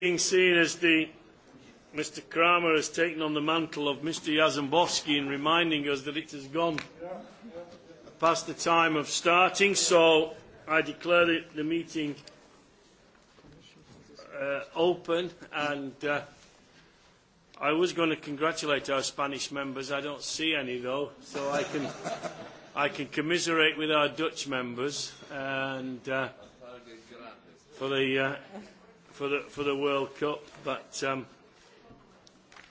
being seen as the Mr. Kramer has taken on the mantle of Mr. Yazembowski in reminding us that it has gone past the time of starting, so I declare the, the meeting uh, open. And uh, I was going to congratulate our Spanish members. I don't see any though, so I can I can commiserate with our Dutch members and uh, for the. Uh, for the, for the World Cup. But um,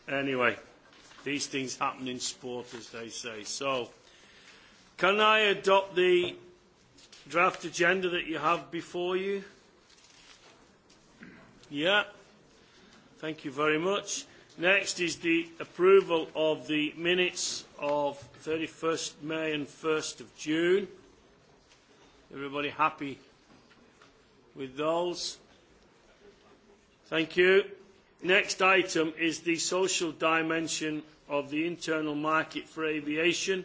anyway, these things happen in sport, as they say. So, can I adopt the draft agenda that you have before you? Yeah. Thank you very much. Next is the approval of the minutes of 31st May and 1st of June. Everybody happy with those? Thank you. Next item is the social dimension of the internal market for aviation,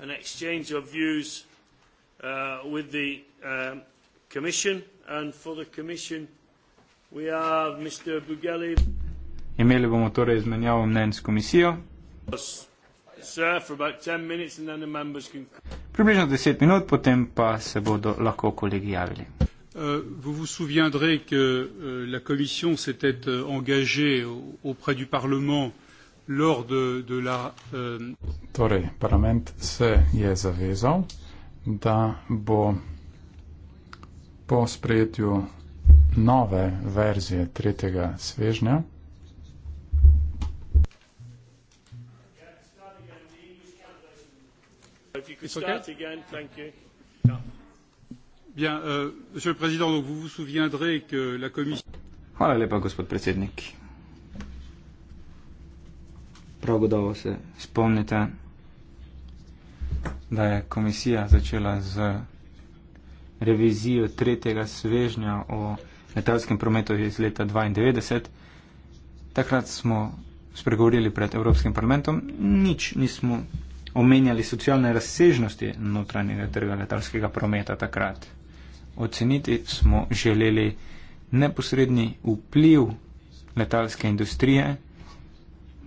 an exchange of views uh, with the um, Commission. And for the Commission, we have Mr. Bugeli. Imeli bomo torej izmenjavo mnen s komisijo. Približno 10 minut, potem pa se bodo lahko kolegi javili. Euh, vous vous souviendrez que euh, la Commission s'était euh, engagée auprès du Parlement lors de, de la... Euh... Torej, parlament se je zavezal, da bo po sprejetju nove verzije tretjega svežnja If you could start okay. again, thank you. Yeah. Bien, euh, monsieur le Président, donc vous vous souviendrez que la Commission... Hvala lepa, gospod predsednik. Prav godovo se spomnite, da je komisija začela z revizijo tretjega svežnja o letalskem prometu iz leta 1992. Takrat smo spregovorili pred Evropskim parlamentom, nič nismo omenjali socialne razsežnosti notranjega trga letalskega prometa takrat oceniti smo želeli neposredni vpliv letalske industrije,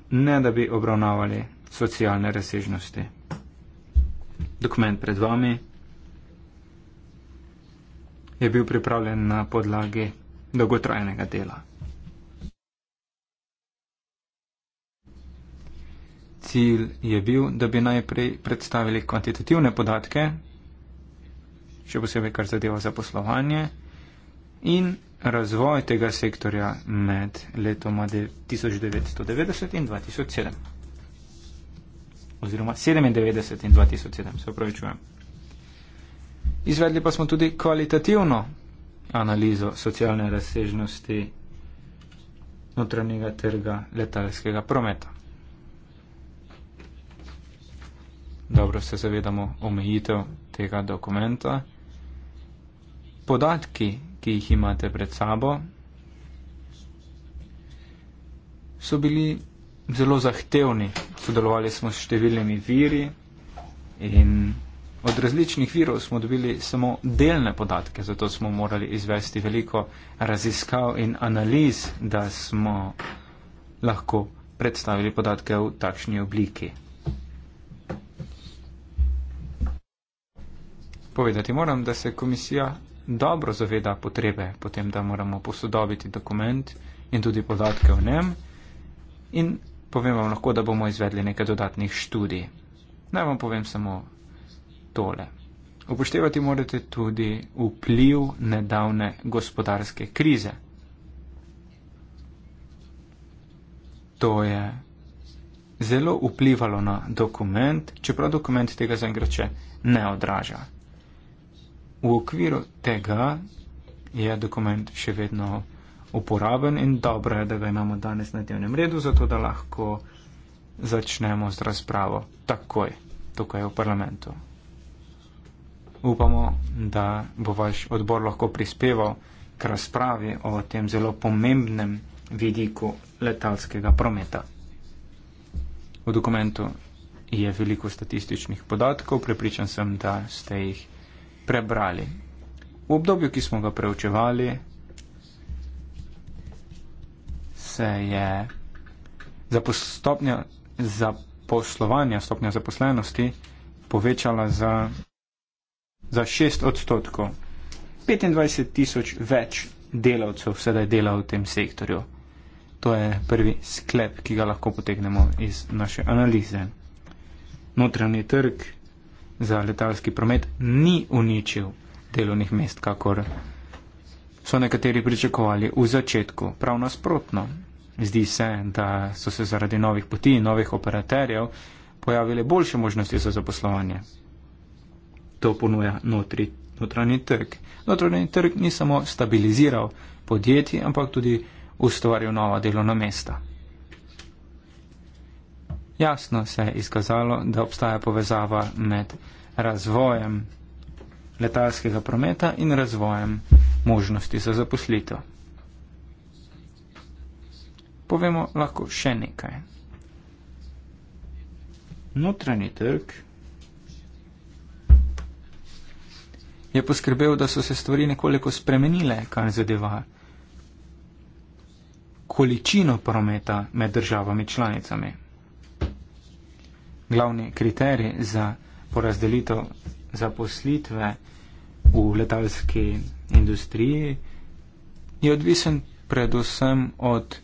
ne da bi obravnavali socialne razsežnosti. Dokument pred vami je bil pripravljen na podlagi dolgotrajnega dela. Cilj je bil, da bi najprej predstavili kvantitativne podatke, še posebej kar zadeva zaposlovanje in razvoj tega sektorja med letoma 1990 in 2007. Oziroma 97 in 2007, se upravičujem. Izvedli pa smo tudi kvalitativno analizo socialne razsežnosti notranjega trga letalskega prometa. Dobro se zavedamo omejitev tega dokumenta podatki, ki jih imate pred sabo, so bili zelo zahtevni. Sodelovali smo s številnimi viri in od različnih virov smo dobili samo delne podatke, zato smo morali izvesti veliko raziskav in analiz, da smo lahko predstavili podatke v takšni obliki. Povedati moram, da se komisija dobro zaveda potrebe potem, da moramo posodobiti dokument in tudi podatke o njem in povem vam lahko, da bomo izvedli nekaj dodatnih študij. Naj vam povem samo tole. Upoštevati morate tudi vpliv nedavne gospodarske krize. To je zelo vplivalo na dokument, čeprav dokument tega zaenkrat še ne odraža v okviru tega je dokument še vedno uporaben in dobro je, da ga imamo danes na dnevnem redu, zato da lahko začnemo z razpravo takoj tukaj v parlamentu. Upamo, da bo vaš odbor lahko prispeval k razpravi o tem zelo pomembnem vidiku letalskega prometa. V dokumentu je veliko statističnih podatkov, prepričan sem, da ste jih prebrali. V obdobju, ki smo ga preučevali, se je za, stopnja, za poslovanje, stopnja zaposlenosti povečala za, za 6 odstotkov. 25 tisoč več delavcev sedaj dela v tem sektorju. To je prvi sklep, ki ga lahko potegnemo iz naše analize. Notranji trg za letalski promet ni uničil delovnih mest, kakor so nekateri pričakovali v začetku. Prav nasprotno, zdi se, da so se zaradi novih poti in novih operaterjev pojavile boljše možnosti za zaposlovanje. To ponuja notri, notranji trg. Notranji trg ni samo stabiliziral podjetje, ampak tudi ustvarjal nova delovna mesta jasno se je izkazalo, da obstaja povezava med razvojem letalskega prometa in razvojem možnosti za zaposlitev. Povemo lahko še nekaj. Notranji trg je poskrbel, da so se stvari nekoliko spremenile, kar zadeva količino prometa med državami članicami glavni kriterij za porazdelitev zaposlitve v letalski industriji, je odvisen predvsem od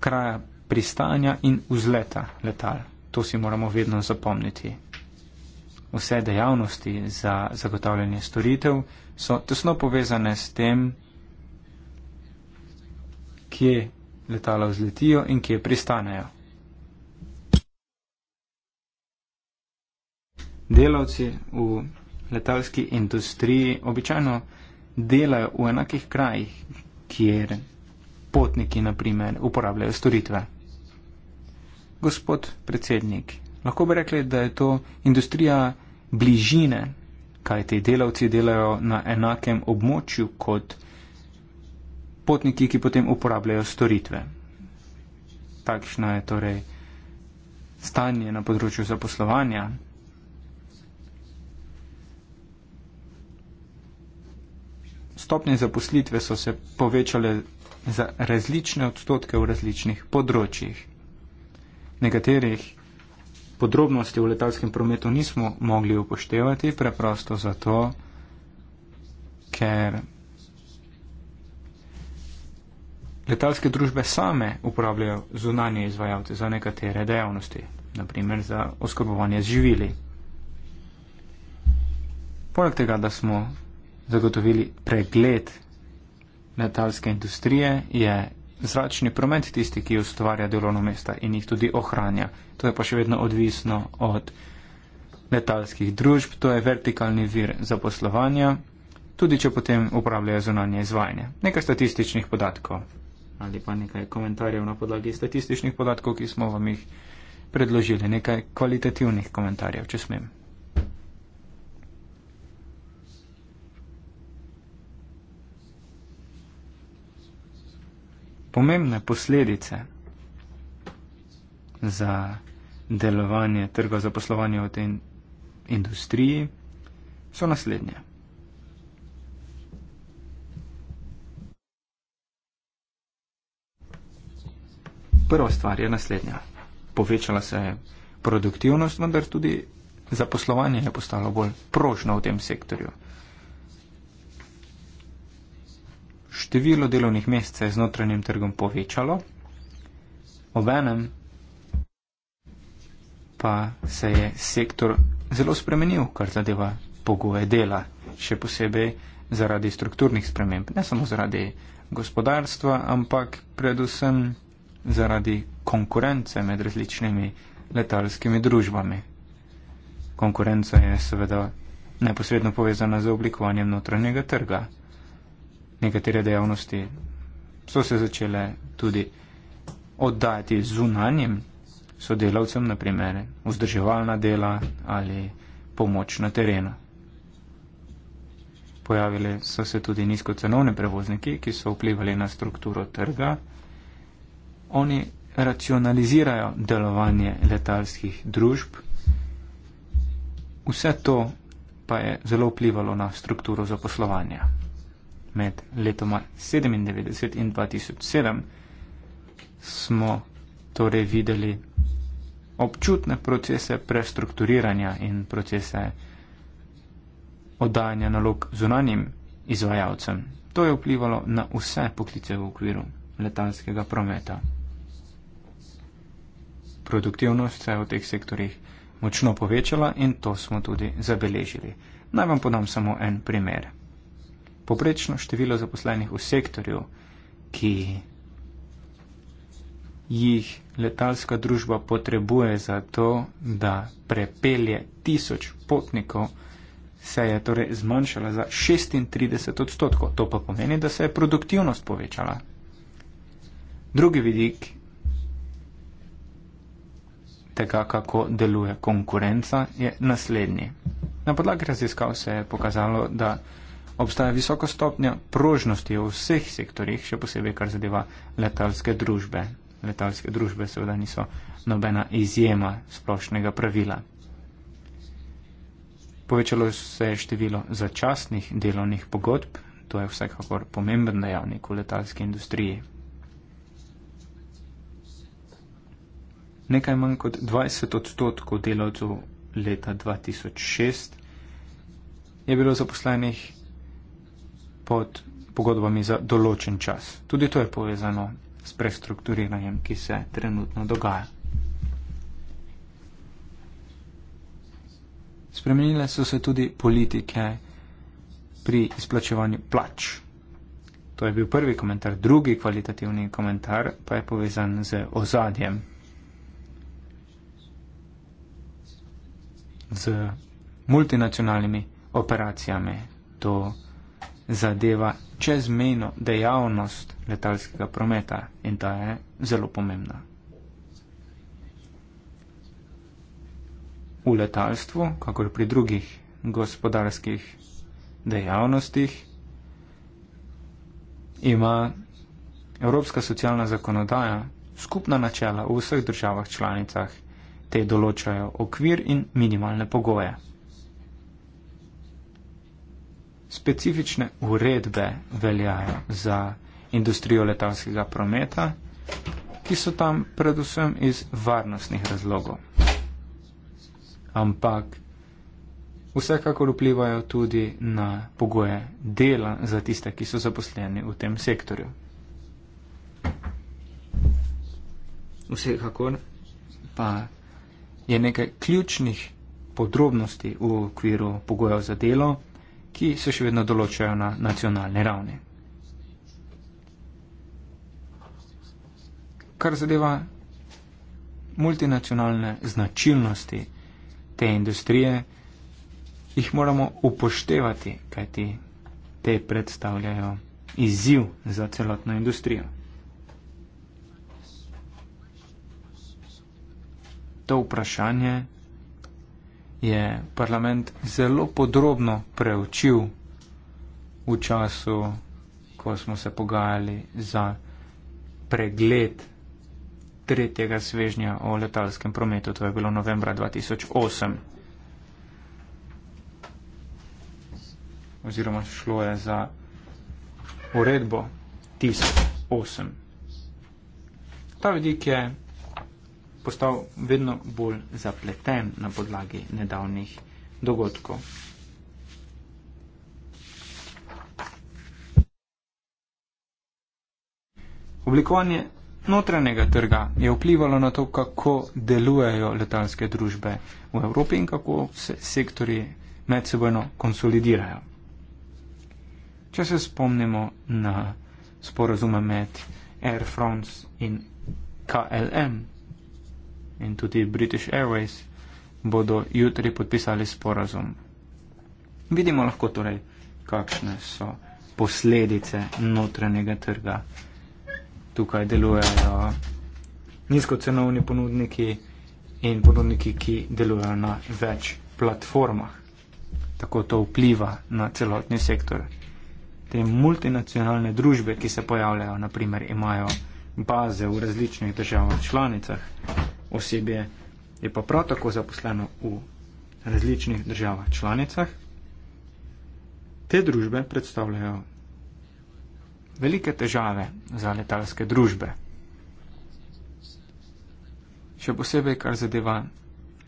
kraja pristanja in vzleta letal. To si moramo vedno zapomniti. Vse dejavnosti za zagotavljanje storitev so tesno povezane s tem, kje letala vzletijo in kje pristanejo. delavci v letalski industriji običajno delajo v enakih krajih, kjer potniki, na primer, uporabljajo storitve. Gospod predsednik, lahko bi rekli, da je to industrija bližine, kaj te delavci delajo na enakem območju kot potniki, ki potem uporabljajo storitve. Takšna je torej stanje na področju zaposlovanja. stopnje zaposlitve so se povečale za različne odstotke v različnih področjih. Nekaterih podrobnosti v letalskem prometu nismo mogli upoštevati, preprosto zato, ker letalske družbe same upravljajo zunanje izvajalce za nekatere dejavnosti, naprimer za oskrbovanje z živili. Poleg tega, da smo zagotovili pregled letalske industrije, je zračni promet tisti, ki ustvarja delovno mesta in jih tudi ohranja. To je pa še vedno odvisno od letalskih družb, to je vertikalni vir zaposlovanja, tudi če potem upravljajo zunanje izvajanje. Nekaj statističnih podatkov ali pa nekaj komentarjev na podlagi statističnih podatkov, ki smo vam jih predložili, nekaj kvalitativnih komentarjev, če smem. pomembne posledice za delovanje trga za poslovanje v tej industriji so naslednje. Prva stvar je naslednja. Povečala se je produktivnost, vendar tudi zaposlovanje je postalo bolj prožno v tem sektorju. število delovnih mest se je z notranjim trgom povečalo, obenem pa se je sektor zelo spremenil, kar zadeva pogoje dela, še posebej zaradi strukturnih sprememb, ne samo zaradi gospodarstva, ampak predvsem zaradi konkurence med različnimi letalskimi družbami. Konkurenca je seveda neposredno povezana z oblikovanjem notranjega trga nekatere dejavnosti so se začele tudi oddajati zunanjim sodelavcem, naprimer vzdrževalna dela ali pomoč na terenu. Pojavili so se tudi nizkocenovni prevozniki, ki so vplivali na strukturo trga. Oni racionalizirajo delovanje letalskih družb. Vse to pa je zelo vplivalo na strukturo zaposlovanja med letoma 97 in 2007 smo torej videli občutne procese prestrukturiranja in procese oddajanja nalog zunanjim izvajalcem. To je vplivalo na vse poklice v okviru letalskega prometa. Produktivnost se je v teh sektorjih močno povečala in to smo tudi zabeležili. Naj vam podam samo en primer. Poprečno število zaposlenih v sektorju, ki jih letalska družba potrebuje za to, da prepelje tisoč potnikov, se je torej zmanjšala za 36 odstotkov. To pa pomeni, da se je produktivnost povečala. Drugi vidik tega, kako deluje konkurenca, je naslednji. Na podlagi raziskav se je pokazalo, da obstaja visoka stopnja prožnosti v vseh sektorjih, še posebej kar zadeva letalske družbe. Letalske družbe seveda niso nobena izjema splošnega pravila. Povečalo se je število začasnih delovnih pogodb, to je vsekakor pomemben dejavnik v letalski industriji. Nekaj manj kot 20 odstotkov delovcev leta 2006 je bilo zaposlenih pod pogodbami za določen čas. Tudi to je povezano s prestrukturiranjem, ki se trenutno dogaja. Spremenile so se tudi politike pri izplačevanju plač. To je bil prvi komentar. Drugi kvalitativni komentar pa je povezan z ozadjem, z multinacionalnimi operacijami zadeva čezmejno dejavnost letalskega prometa in ta je zelo pomembna. V letalstvu, kakor pri drugih gospodarskih dejavnostih, ima Evropska socialna zakonodaja skupna načela v vseh državah članicah, te določajo okvir in minimalne pogoje specifične uredbe veljajo za industrijo letalskega prometa, ki so tam predvsem iz varnostnih razlogov. Ampak vsekakor vplivajo tudi na pogoje dela za tiste, ki so zaposleni v tem sektorju. Vsekakor pa je nekaj ključnih podrobnosti v okviru pogojev za delo, ki se še vedno določajo na nacionalni ravni. Kar zadeva multinacionalne značilnosti te industrije, jih moramo upoštevati, kajti te predstavljajo izziv za celotno industrijo. To vprašanje je parlament zelo podrobno preučil v času, ko smo se pogajali za pregled tretjega svežnja o letalskem prometu. To je bilo novembra 2008. Oziroma šlo je za uredbo 1008. Ta vidik je postal vedno bolj zapleten na podlagi nedavnih dogodkov. Oblikovanje notranjega trga je vplivalo na to, kako delujejo letalske družbe v Evropi in kako se sektori medsebojno konsolidirajo. Če se spomnimo na sporazume med Air France in KLM, in tudi British Airways bodo jutri podpisali sporazum. Vidimo lahko torej, kakšne so posledice notranjega trga. Tukaj delujejo nizkocenovni ponudniki in ponudniki, ki delujejo na več platformah. Tako to vpliva na celotni sektor. Te multinacionalne družbe, ki se pojavljajo, naprimer imajo baze v različnih državah članicah, osebje je pa prav tako zaposleno v različnih državah članicah. Te družbe predstavljajo velike težave za letalske družbe. Še posebej, kar zadeva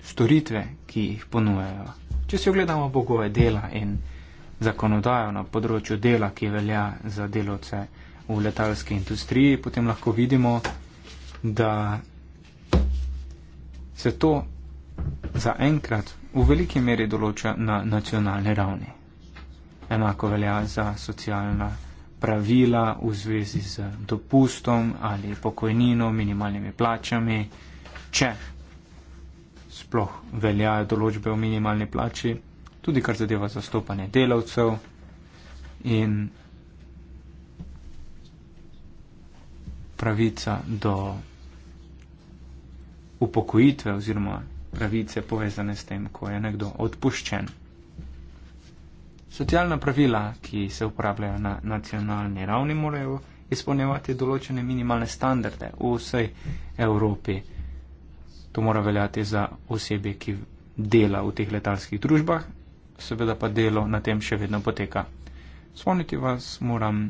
storitve, ki jih ponujajo. Če si ogledamo bogove dela in zakonodajo na področju dela, ki velja za delovce v letalski industriji, potem lahko vidimo, da se to zaenkrat v veliki meri določa na nacionalni ravni. Enako velja za socialna pravila v zvezi z dopustom ali pokojnino, minimalnimi plačami, če sploh veljajo določbe o minimalni plači, tudi kar zadeva zastopanje delavcev in pravica do upokojitve oziroma pravice povezane s tem, ko je nekdo odpuščen. Socialna pravila, ki se uporabljajo na nacionalni ravni, morajo izpolnjevati določene minimalne standarde v vsej Evropi. To mora veljati za osebe, ki dela v teh letalskih družbah, seveda pa delo na tem še vedno poteka. Spomniti vas moram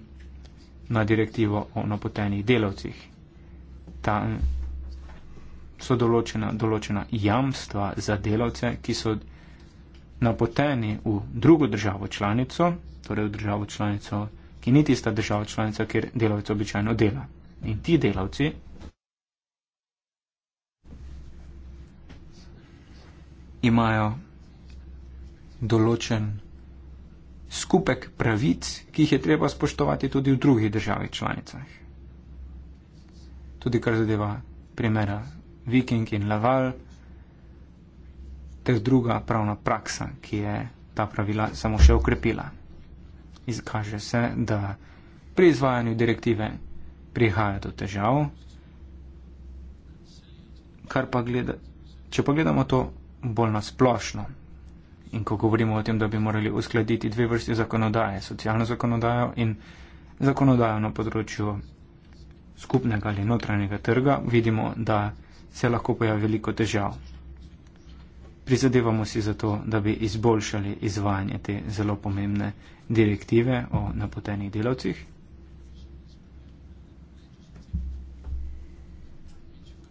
na direktivo o napotenih delavcih. Ta so določena, določena jamstva za delavce, ki so napoteni v drugo državo članico, torej v državo članico, ki ni tista država članica, kjer delavec običajno dela. In ti delavci imajo določen skupek pravic, ki jih je treba spoštovati tudi v drugih državi članicah. Tudi kar zadeva primera Viking in Laval, ter druga pravna praksa, ki je ta pravila samo še okrepila. Izkaže se, da pri izvajanju direktive prihaja do težav, kar pa gleda, če pa gledamo to bolj nasplošno. In ko govorimo o tem, da bi morali uskladiti dve vrsti zakonodaje, socialno zakonodajo in zakonodajo na področju skupnega ali notranjega trga, vidimo, da se lahko pojavi veliko težav. Prizadevamo si zato, da bi izboljšali izvajanje te zelo pomembne direktive o napotenih delavcih.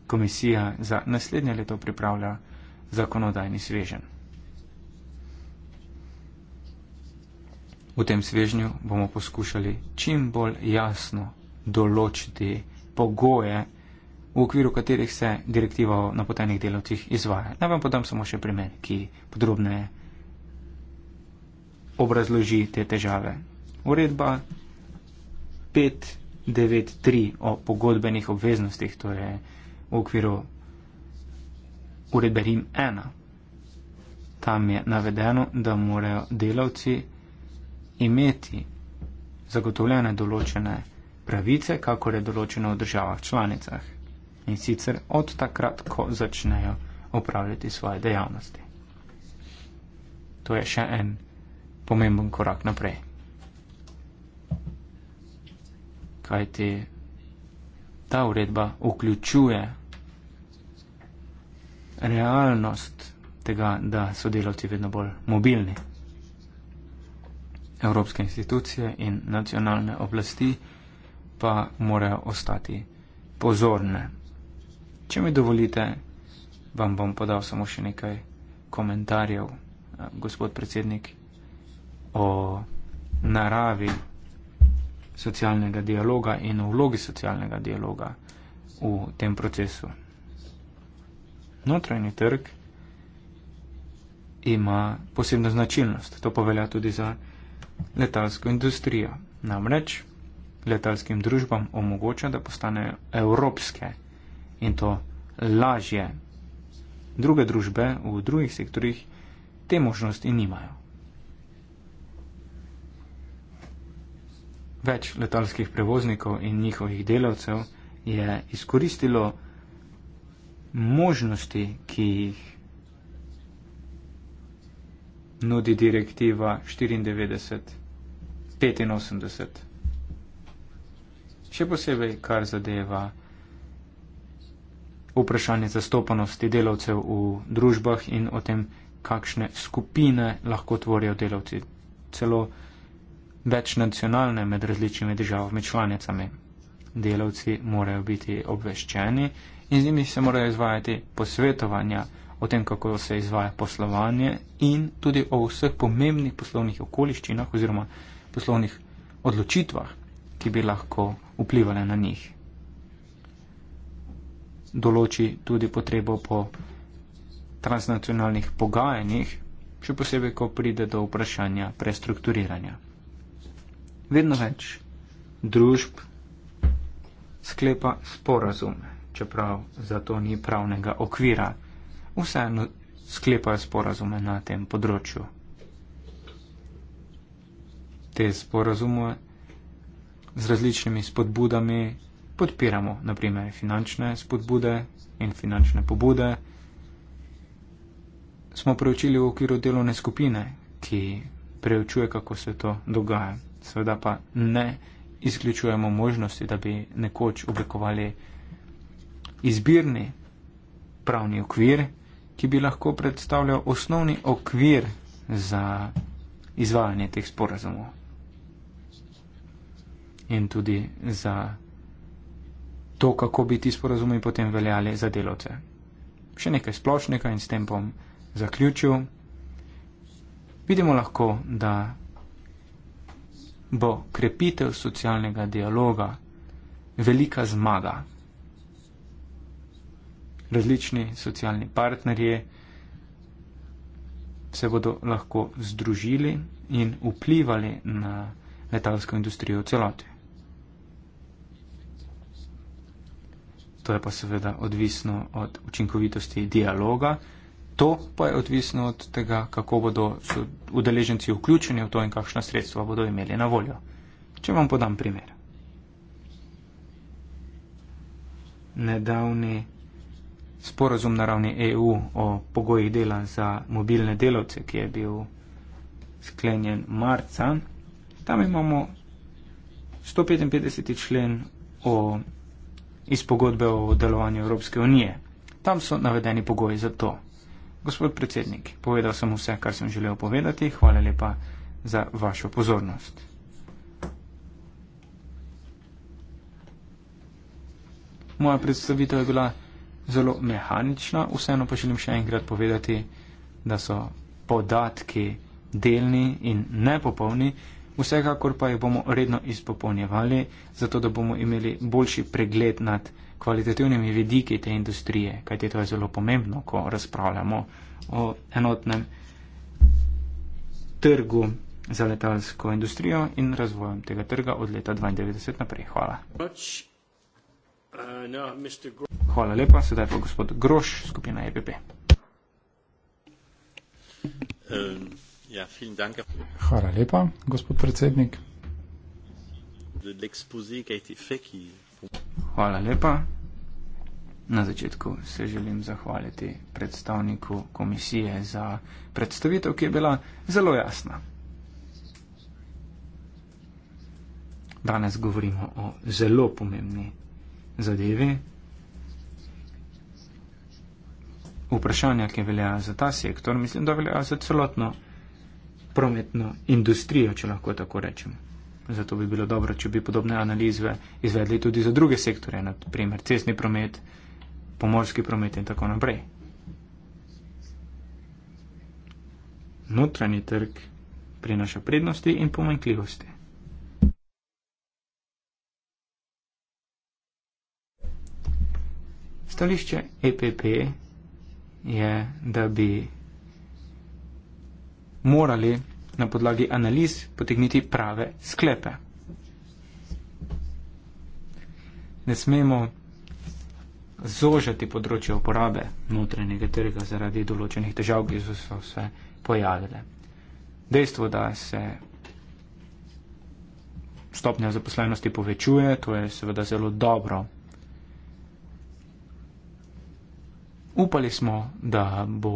Komisija za naslednje leto pripravlja zakonodajni svežen. V tem svežnju bomo poskušali čim bolj jasno določiti pogoje, ki so v okviru katerih se direktiva o napotenih delavcih izvaja. Naj vam podam samo še primer, ki podrobneje obrazloži te težave. Uredba 593 o pogodbenih obveznostih, to je v okviru uredbe Rim 1. Tam je navedeno, da morajo delavci imeti zagotovljene določene pravice, kakor je določeno v državah članicah in sicer od takrat, ko začnejo upravljati svoje dejavnosti. To je še en pomemben korak naprej. Kaj ti ta uredba vključuje realnost tega, da so delavci vedno bolj mobilni. Evropske institucije in nacionalne oblasti pa morajo ostati pozorne Če mi dovolite, vam bom podal samo še nekaj komentarjev, eh, gospod predsednik, o naravi socialnega dialoga in o vlogi socialnega dialoga v tem procesu. Notranji trg ima posebno značilnost. To povelja tudi za letalsko industrijo. Namreč letalskim družbam omogoča, da postanejo evropske in to lažje. Druge družbe v drugih sektorjih te možnosti nimajo. Več letalskih prevoznikov in njihovih delavcev je izkoristilo možnosti, ki jih nudi direktiva 94-85. Še posebej, kar zadeva vprašanje zastopanosti delavcev v družbah in o tem, kakšne skupine lahko tvorijo delavci, celo večnacionalne med različnimi državami članicami. Delavci morajo biti obveščeni in z njimi se morajo izvajati posvetovanja o tem, kako se izvaja poslovanje in tudi o vseh pomembnih poslovnih okoliščinah oziroma poslovnih odločitvah, ki bi lahko vplivali na njih določi tudi potrebo po transnacionalnih pogajanjih, še posebej, ko pride do vprašanja prestrukturiranja. Vedno več družb sklepa sporazume, čeprav za to ni pravnega okvira, vseeno sklepajo sporazume na tem področju. Te sporazume z različnimi spodbudami podpiramo, naprimer finančne spodbude in finančne pobude, smo preučili v okviru delovne skupine, ki preučuje, kako se to dogaja. Sveda pa ne izključujemo možnosti, da bi nekoč oblikovali izbirni pravni okvir, ki bi lahko predstavljal osnovni okvir za izvajanje teh sporazumov. In tudi za to, kako bi ti sporazumi potem veljali za delovce. Še nekaj splošnega in s tem bom zaključil. Vidimo lahko, da bo krepitev socialnega dialoga velika zmaga. Različni socialni partnerje se bodo lahko združili in vplivali na letalsko industrijo v celoti. to je pa seveda odvisno od učinkovitosti dialoga, to pa je odvisno od tega, kako bodo udeleženci vključeni v to in kakšna sredstva bodo imeli na voljo. Če vam podam primer. Nedavni sporozum na ravni EU o pogojih dela za mobilne delavce, ki je bil sklenjen marca, tam imamo 155. člen o iz pogodbe o delovanju Evropske unije. Tam so navedeni pogoji za to. Gospod predsednik, povedal sem vse, kar sem želel povedati. Hvala lepa za vašo pozornost. Moja predstavitev je bila zelo mehanična, vseeno pa želim še enkrat povedati, da so podatki delni in nepopolni. Vsekakor pa jo bomo redno izpopolnjevali, zato da bomo imeli boljši pregled nad kvalitativnimi vidiki te industrije, kajti to je zelo pomembno, ko razpravljamo o enotnem trgu za letalsko industrijo in razvojem tega trga od leta 1992 naprej. Hvala. Hvala lepa, sedaj pa gospod Groš, skupina EPP. Um. Ja, danke. Hvala lepa, gospod predsednik. Hvala lepa. Na začetku se želim zahvaliti predstavniku komisije za predstavitev, ki je bila zelo jasna. Danes govorimo o zelo pomembni zadevi. Vprašanja, ki veljajo za ta sektor, mislim, da veljajo za celotno prometno industrijo, če lahko tako rečem. Zato bi bilo dobro, če bi podobne analize izvedli tudi za druge sektore, naprimer cestni promet, pomorski promet in tako naprej. Notranji trg prinaša prednosti in pomankljivosti. Stališče EPP je, da bi morali na podlagi analiz potegniti prave sklepe. Ne smemo zožati področje uporabe notranjega trga zaradi določenih težav, ki so se pojavile. Dejstvo, da se stopnja zaposlenosti povečuje, to je seveda zelo dobro. Upali smo, da bo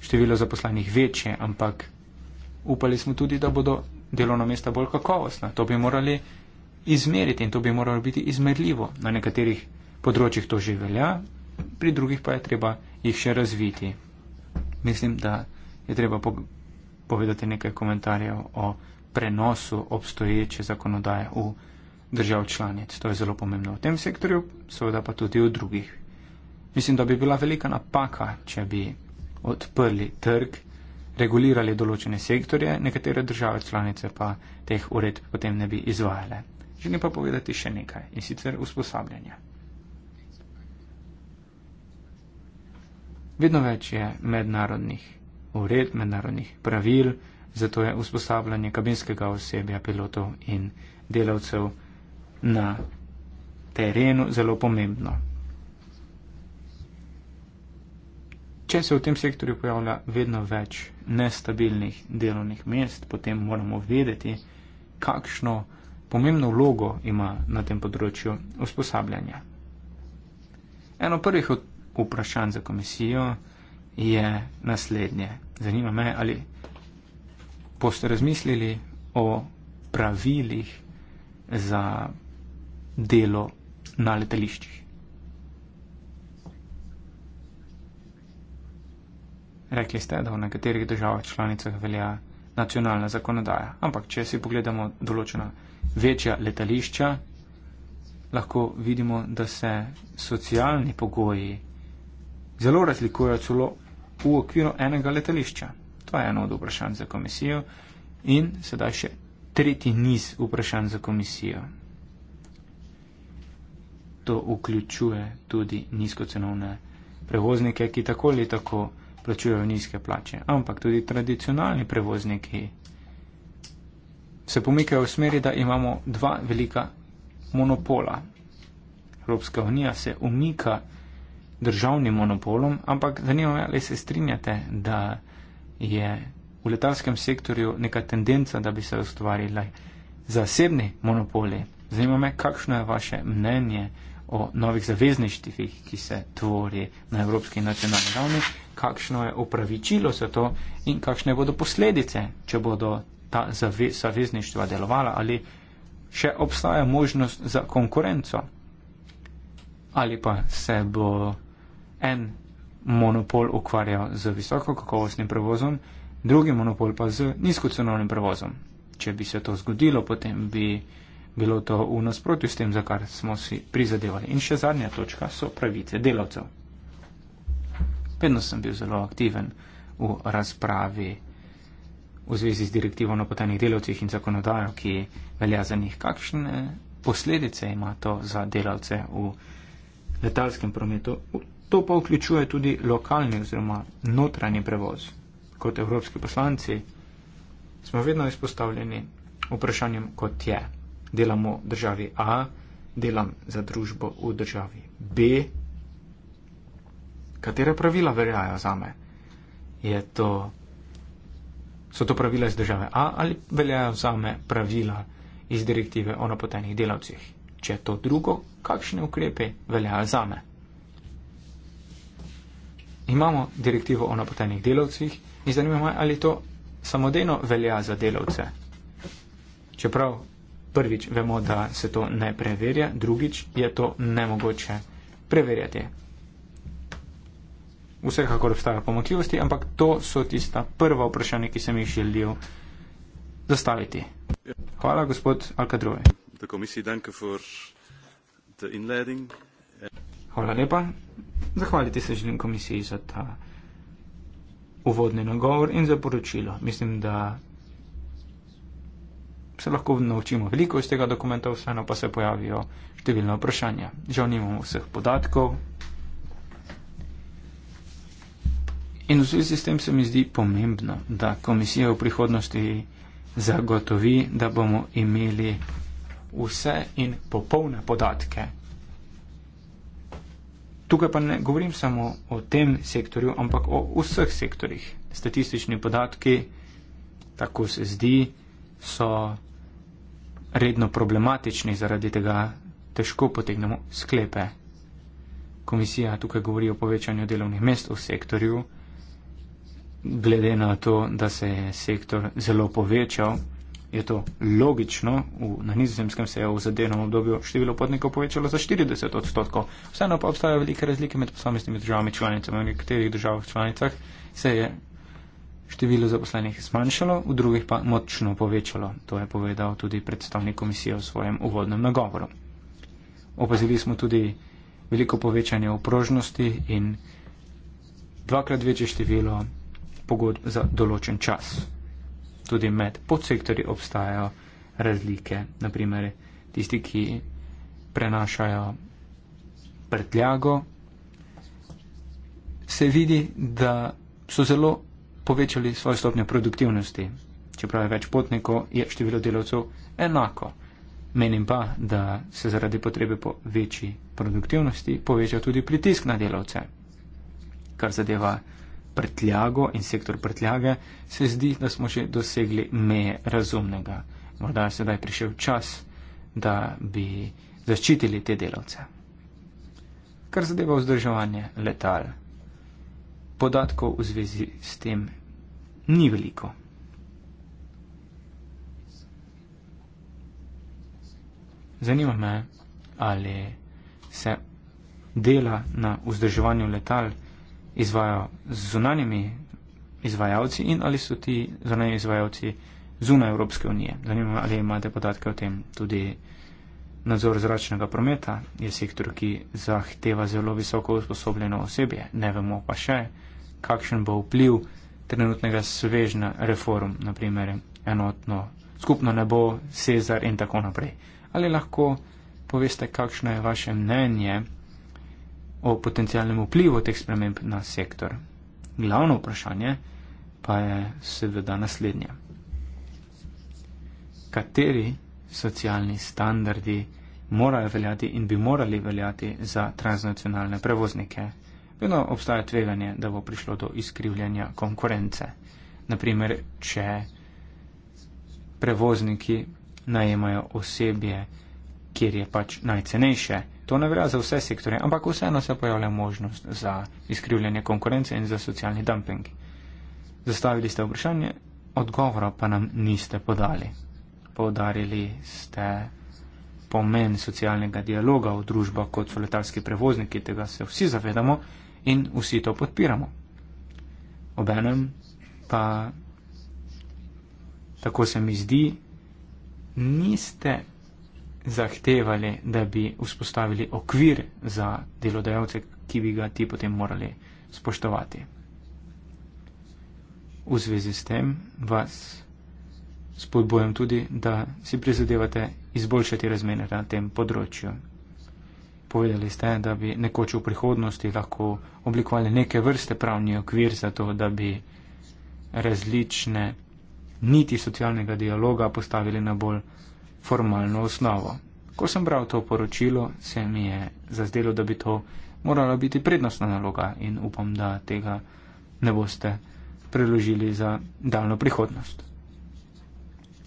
število zaposlenih večje, ampak upali smo tudi, da bodo delovna mesta bolj kakovostna. To bi morali izmeriti in to bi moralo biti izmerljivo. Na nekaterih področjih to že velja, pri drugih pa je treba jih še razviti. Mislim, da je treba po povedati nekaj komentarjev o prenosu obstoječe zakonodaje v držav članic. To je zelo pomembno v tem sektorju, seveda pa tudi v drugih. Mislim, da bi bila velika napaka, če bi odprli trg, regulirali določene sektorje, nekatere države članice pa teh uredb potem ne bi izvajale. Želim pa povedati še nekaj in sicer usposabljanje. Vedno več je mednarodnih uredb, mednarodnih pravil, zato je usposabljanje kabinskega osebja, pilotov in delavcev na terenu zelo pomembno. Če se v tem sektorju pojavlja vedno več nestabilnih delovnih mest, potem moramo vedeti, kakšno pomembno vlogo ima na tem področju usposabljanje. Eno prvih vprašanj za komisijo je naslednje. Zanima me, ali boste razmislili o pravilih za delo na letališčih. Rekli ste, da v nekaterih državah članicah velja nacionalna zakonodaja, ampak če si pogledamo določena večja letališča, lahko vidimo, da se socialni pogoji zelo razlikujejo celo v okviru enega letališča. To je eno od vprašanj za komisijo in sedaj še tretji niz vprašanj za komisijo. To vključuje tudi nizkocenovne prevoznike, ki tako ali tako plačujejo nizke plače, ampak tudi tradicionalni prevozniki se pomikajo v smeri, da imamo dva velika monopola. Evropska unija se umika državnim monopolom, ampak zanima me, ali se strinjate, da je v letalskem sektorju neka tendenca, da bi se ustvarili zasebni monopoli. Zanima me, kakšno je vaše mnenje o novih zavezništvih, ki se tvori na evropski in nacionalni ravni kakšno je opravičilo za to in kakšne bodo posledice, če bodo ta zavezništva delovala ali še obstaja možnost za konkurenco. Ali pa se bo en monopol ukvarjal z visoko kakovostnim prevozom, drugi monopol pa z nizkocenovnim prevozom. Če bi se to zgodilo, potem bi bilo to v nasprotju s tem, za kar smo si prizadevali. In še zadnja točka so pravice delavcev vedno sem bil zelo aktiven v razpravi v zvezi z direktivo o potenih delavcih in zakonodajo, ki velja za njih. Kakšne posledice ima to za delavce v letalskem prometu? To pa vključuje tudi lokalni oziroma notranji prevoz. Kot evropski poslanci smo vedno izpostavljeni vprašanjem, kot je. Delamo v državi A, delam za družbo v državi B, katera pravila veljajo za me? To, so to pravila iz države A ali veljajo za me pravila iz direktive o napotenih delavcih? Če je to drugo, kakšne ukrepe veljajo za me? Imamo direktivo o napotenih delavcih in zanima me, ali to samodejno velja za delavce. Čeprav prvič vemo, da se to ne preverja, drugič je to nemogoče preverjati vsekakor obstajajo pomakljivosti, ampak to so tista prva vprašanja, ki sem jih želel zastaviti. Hvala, gospod Alkadrove. Hvala lepa. Zahvaliti se želim komisiji za ta uvodni nagovor in za poročilo. Mislim, da se lahko naučimo veliko iz tega dokumenta, vseeno pa se pojavijo številne vprašanja. Žal nimamo vseh podatkov, In v zvezi s tem se mi zdi pomembno, da komisija v prihodnosti zagotovi, da bomo imeli vse in popolne podatke. Tukaj pa ne govorim samo o tem sektorju, ampak o vseh sektorjih. Statistični podatki, tako se zdi, so redno problematični, zaradi tega težko potegnemo sklepe. Komisija tukaj govori o povečanju delovnih mest v sektorju glede na to, da se je sektor zelo povečal, je to logično. V, na nizozemskem se je v zadevnem obdobju število potnikov povečalo za 40 odstotkov. Vseeno pa obstajajo velike razlike med posameznimi državami članicami. V nekaterih državah članicah se je število zaposlenih zmanjšalo, v drugih pa močno povečalo. To je povedal tudi predstavnik komisije v svojem uvodnem nagovoru. Opazili smo tudi veliko povečanje oprožnosti in dvakrat večje število pogodb za določen čas. Tudi med podsektori obstajajo razlike, naprimer tisti, ki prenašajo prtljago, se vidi, da so zelo povečali svojo stopnjo produktivnosti. Čeprav je več potnikov, je število delavcev enako. Menim pa, da se zaradi potrebe po večji produktivnosti poveča tudi pritisk na delavce, kar zadeva prtljago in sektor prtljage, se zdi, da smo že dosegli meje razumnega. Morda je sedaj prišel čas, da bi zaščitili te delavce. Kar zadeva vzdrževanje letal, podatkov v zvezi s tem ni veliko. Zanima me, ali se dela na vzdrževanju letal, izvajo z zunanjimi izvajalci in ali so ti zunanji izvajalci zunaj Evropske unije. Zanima me, ali imate podatke o tem. Tudi nadzor zračnega prometa je sektor, ki zahteva zelo visoko usposobljeno osebje. Ne vemo pa še, kakšen bo vpliv trenutnega svežna reform, naprimer enotno skupno nebo, Cezar in tako naprej. Ali lahko poveste, kakšno je vaše mnenje? o potencijalnem vplivu teh sprememb na sektor. Glavno vprašanje pa je seveda naslednje. Kateri socialni standardi morajo veljati in bi morali veljati za transnacionalne prevoznike? Vedno obstaja tveganje, da bo prišlo do izkrivljanja konkurence. Naprimer, če prevozniki najemajo osebje, kjer je pač najcenejše. To ne velja za vse sektore, ampak vseeno se pojavlja možnost za izkrivljanje konkurence in za socialni dumping. Zastavili ste vprašanje, odgovora pa nam niste podali. Povdarili ste pomen socialnega dialoga v družbo kot so letalski prevozniki, tega se vsi zavedamo in vsi to podpiramo. Obenem pa, tako se mi zdi, niste zahtevali, da bi vzpostavili okvir za delodajalce, ki bi ga ti potem morali spoštovati. V zvezi s tem vas spodbojam tudi, da si prizadevate izboljšati razmene na tem področju. Povedali ste, da bi nekoč v prihodnosti lahko oblikovali neke vrste pravni okvir za to, da bi različne niti socialnega dialoga postavili na bolj formalno osnovo. Ko sem bral to poročilo, se mi je zazdelo, da bi to morala biti prednostna naloga in upam, da tega ne boste preložili za daljno prihodnost.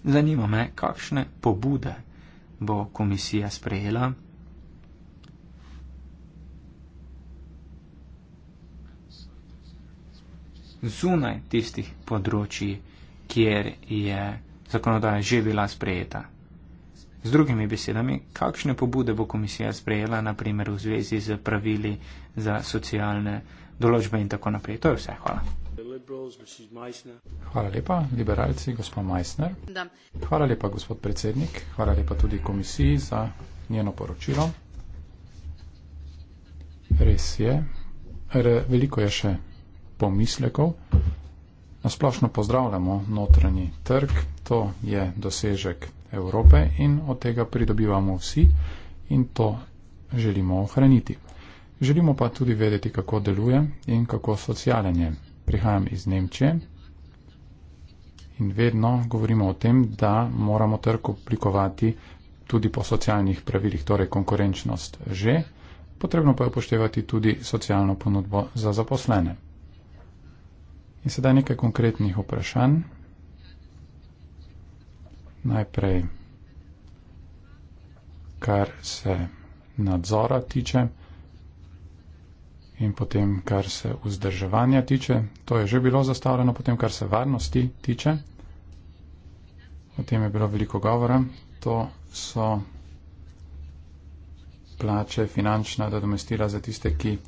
Zanima me, kakšne pobude bo komisija sprejela. Zunaj tistih področji, kjer je zakonodaja že bila sprejeta, Z drugimi besedami, kakšne pobude bo komisija sprejela, naprimer v zvezi z pravili za socialne določbe in tako naprej. To je vse. Hvala. Hvala lepa, liberalci, gospod Meissner. Hvala lepa, gospod predsednik. Hvala lepa tudi komisiji za njeno poročilo. Res je, R veliko je še pomislekov. Nasplošno pozdravljamo notranji trg. To je dosežek Evrope in od tega pridobivamo vsi in to želimo ohraniti. Želimo pa tudi vedeti, kako deluje in kako socialen je. Prihajam iz Nemčije in vedno govorimo o tem, da moramo trg oblikovati tudi po socialnih pravilih, torej konkurenčnost že, potrebno pa je upoštevati tudi socialno ponudbo za zaposlene. In sedaj nekaj konkretnih vprašanj najprej, kar se nadzora tiče in potem, kar se vzdrževanja tiče. To je že bilo zastavljeno, potem, kar se varnosti tiče. O tem je bilo veliko govora. To so plače, finančna nadomestila za tiste, ki.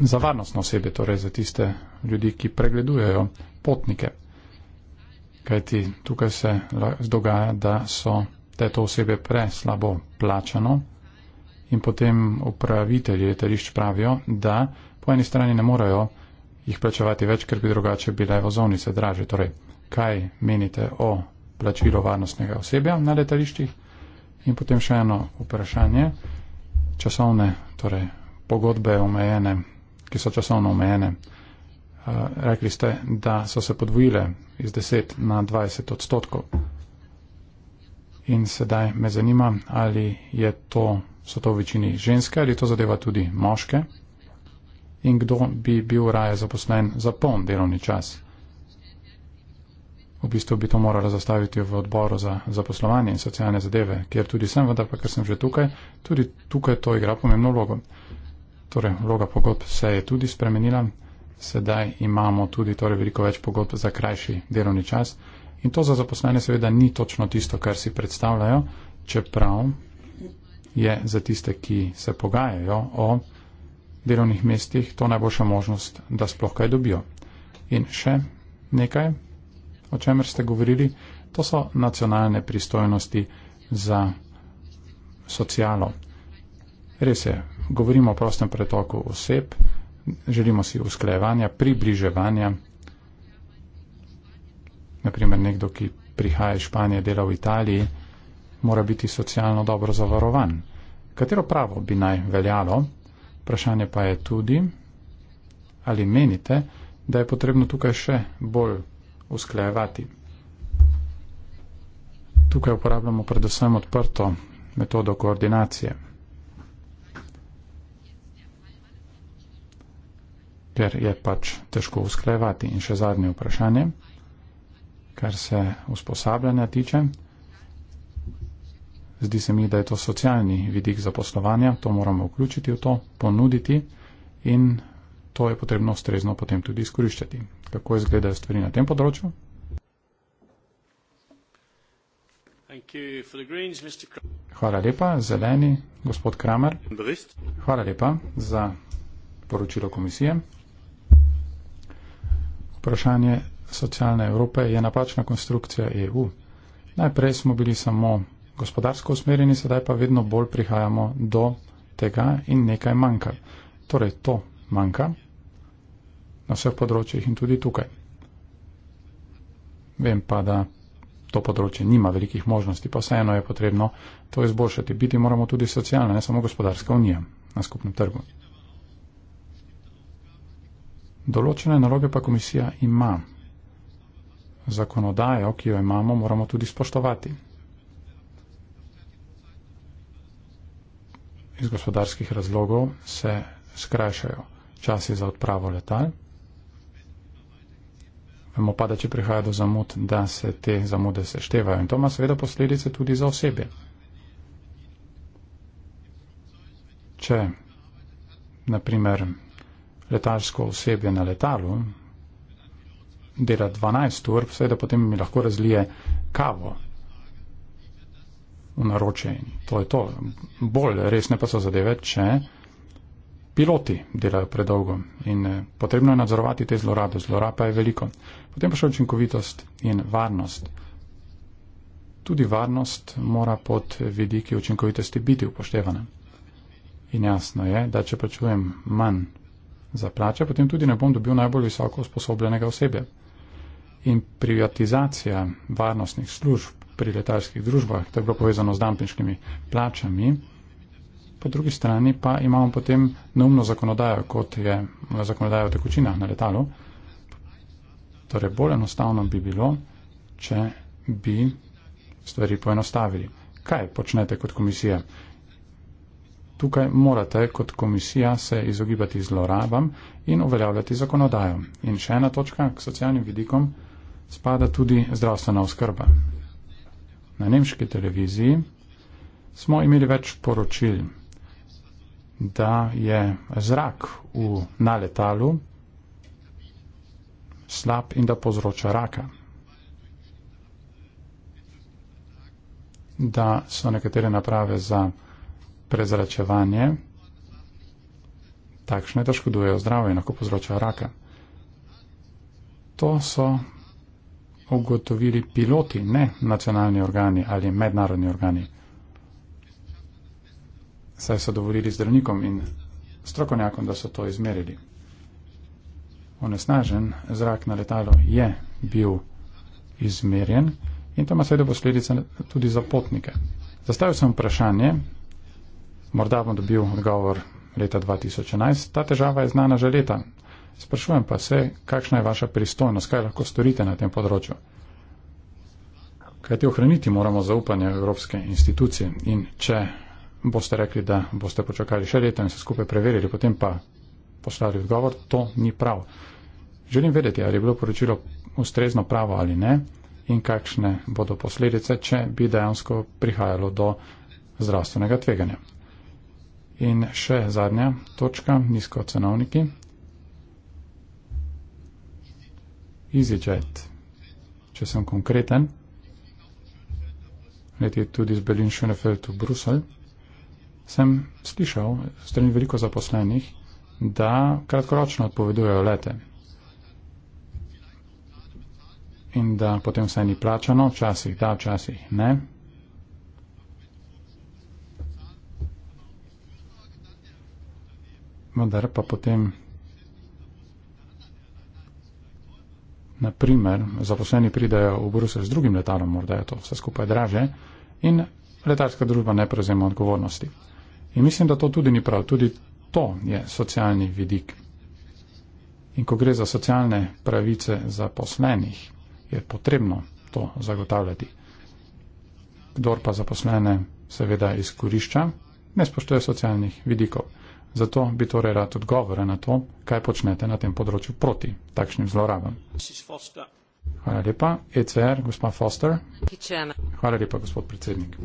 Za varnostno osebe, torej za tiste ljudi, ki pregledujejo potnike kajti tukaj se dogaja, da so te to osebe preslabo plačano in potem upravitelji letališč pravijo, da po eni strani ne morejo jih plačevati več, ker bi drugače bile vozovnice draže. Torej, kaj menite o plačilo varnostnega osebja na letališčih? In potem še eno vprašanje. Časovne, torej pogodbe omejene, ki so časovno omejene. Eh, rekli ste, da so se podvojile iz 10 na 20 odstotkov. In sedaj me zanima, ali je to, so to v večini ženske ali to zadeva tudi moške in kdo bi bil raje zaposlen za poln delovni čas. V bistvu bi to morala zastaviti v odboru za zaposlovanje in socialne zadeve, kjer tudi sem, vendar pa ker sem že tukaj, tudi tukaj to igra pomembno vlogo. Torej, vloga pogodb se je tudi spremenila, sedaj imamo tudi torej veliko več pogodb za krajši delovni čas. In to za zaposlene seveda ni točno tisto, kar si predstavljajo, čeprav je za tiste, ki se pogajajo o delovnih mestih, to najboljša možnost, da sploh kaj dobijo. In še nekaj, o čemer ste govorili, to so nacionalne pristojnosti za socialo. Res je, govorimo o prostem pretoku oseb, Želimo si usklajevanja, približevanja. Naprimer, nekdo, ki prihaja iz Španije, dela v Italiji, mora biti socialno dobro zavarovan. Katero pravo bi naj veljalo? Vprašanje pa je tudi, ali menite, da je potrebno tukaj še bolj usklajevati. Tukaj uporabljamo predvsem odprto metodo koordinacije. ker je pač težko usklejevati. In še zadnje vprašanje, kar se usposabljanja tiče. Zdi se mi, da je to socialni vidik zaposlovanja, to moramo vključiti v to, ponuditi in to je potrebno ustrezno potem tudi izkoriščati. Kako izgledajo stvari na tem področju? Hvala lepa, zeleni, gospod Kramer. Hvala lepa za poročilo komisije. Vprašanje socialne Evrope je napačna konstrukcija EU. Najprej smo bili samo gospodarsko usmerjeni, sedaj pa vedno bolj prihajamo do tega in nekaj manjka. Torej, to manjka na vseh področjih in tudi tukaj. Vem pa, da to področje nima velikih možnosti, pa vseeno je potrebno to izboljšati. Biti moramo tudi socialna, ne samo gospodarska unija na skupnem trgu. Določene naloge pa komisija ima. Zakonodajo, ki jo imamo, moramo tudi spoštovati. Iz gospodarskih razlogov se skrajšajo časi za odpravo letal. Vemo pa, da če prihaja do zamud, da se te zamude seštevajo in to ima seveda posledice tudi za osebje. Če, na primer, letalsko osebje na letalu, dela 12 ur, vse da potem mi lahko razlije kavo v naročje. In to je to. Bolj resne pa so zadeve, če piloti delajo predolgo in eh, potrebno je nadzorovati te zlorabe. Zloraba je veliko. Potem pa še učinkovitost in varnost. Tudi varnost mora pod vidiki učinkovitosti biti upoštevana. In jasno je, da če plačujem manj za plače, potem tudi ne bom dobil najbolj visoko usposobljenega osebe. In privatizacija varnostnih služb pri letalskih družbah, to je bilo povezano z dampinškimi plačami, po drugi strani pa imamo potem neumno zakonodajo, kot je eh, zakonodajo o tekočinah na letalu. Torej, bolj enostavno bi bilo, če bi stvari poenostavili. Kaj počnete kot komisija? Tukaj morate kot komisija se izogibati zlorabam in uveljavljati zakonodajo. In še ena točka k socialnim vidikom spada tudi zdravstvena oskrba. Na nemški televiziji smo imeli več poročil, da je zrak v naletalu slab in da povzroča raka. Da so nekatere naprave za prezračevanje, takšne, da škodujejo zdravje in lahko povzročajo raka. To so ugotovili piloti, ne nacionalni organi ali mednarodni organi. Saj so dovolili zdravnikom in strokovnjakom, da so to izmerili. Onesnažen zrak na letalo je bil izmerjen in to ima seveda posledice tudi za potnike. Zastavil sem vprašanje, Morda bom dobil odgovor leta 2011. Ta težava je znana že leta. Sprašujem pa se, kakšna je vaša pristojnost, kaj lahko storite na tem področju. Kaj ti ohraniti moramo zaupanje v evropske institucije in če boste rekli, da boste počakali še leta in se skupaj preverili, potem pa poslali odgovor, to ni prav. Želim vedeti, ali je bilo poročilo ustrezno pravo ali ne in kakšne bodo posledice, če bi dejansko prihajalo do zdravstvenega tveganja. In še zadnja točka, nizkocenovniki. EasyJet, če sem konkreten, leti tudi z Berlin-Schönefeld v Bruselj, sem slišal strani veliko zaposlenih, da kratkoročno odpovedujejo lete in da potem vse ni plačano, včasih da, včasih ne. vendar pa potem naprimer zaposleni pridejo v Bruselj z drugim letalom, morda je to vse skupaj draže in letalska družba ne prevzema odgovornosti. In mislim, da to tudi ni prav, tudi to je socialni vidik. In ko gre za socialne pravice zaposlenih, je potrebno to zagotavljati. Kdor pa zaposlene seveda izkorišča, ne spoštuje socialnih vidikov. Zato bi torej rad odgovore na to, kaj počnete na tem področju proti takšnim zlorabam. Hvala lepa, ECR, gospa Foster. Hvala lepa, gospod predsednik.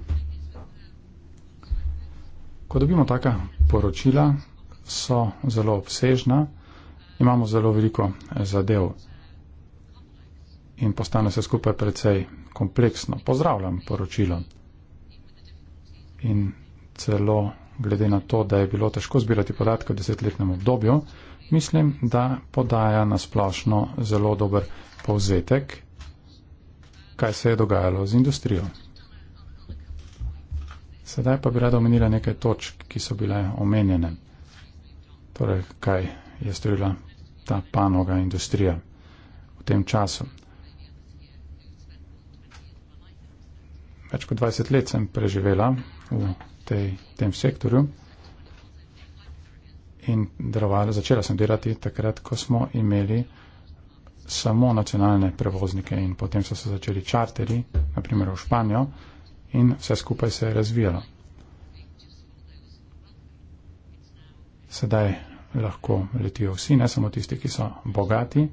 Ko dobimo taka poročila, so zelo obsežna, imamo zelo veliko eh, zadev in postane se skupaj precej kompleksno. Pozdravljam poročilo in celo glede na to, da je bilo težko zbirati podatke v desetletnem obdobju, mislim, da podaja na splošno zelo dober povzetek, kaj se je dogajalo z industrijo. Sedaj pa bi rada omenila nekaj točk, ki so bile omenjene. Torej, kaj je storila ta panoga industrija v tem času. Več kot 20 let sem preživela v tej, tem sektorju. In darovala, začela sem delati takrat, ko smo imeli samo nacionalne prevoznike in potem so se začeli čarteri, naprimer v Španijo, in vse skupaj se je razvijalo. Sedaj lahko letijo vsi, ne samo tisti, ki so bogati.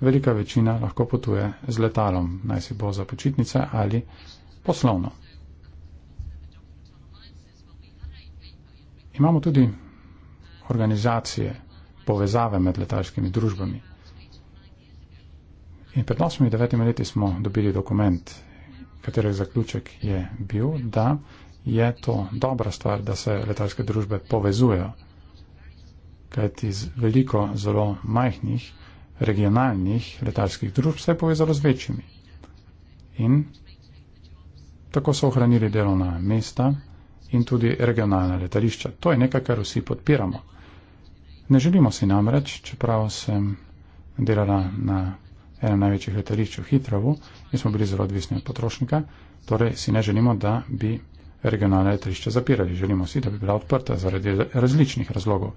Velika večina lahko potuje z letalom, naj si bo za počitnice ali poslovno. Imamo tudi organizacije, povezave med letalskimi družbami. In pred 89 leti smo dobili dokument, katerih zaključek je bil, da je to dobra stvar, da se letalske družbe povezujejo, kajti z veliko zelo majhnih regionalnih letalskih družb se je povezalo z večjimi. In tako so ohranili delovna mesta, in tudi regionalna letališča. To je nekaj, kar vsi podpiramo. Ne želimo si namreč, čeprav sem delala na enem največjih letališč v Hitrovu in smo bili zelo odvisni od potrošnika, torej si ne želimo, da bi regionalne letališče zapirali. Želimo si, da bi bila odprta zaradi različnih razlogov.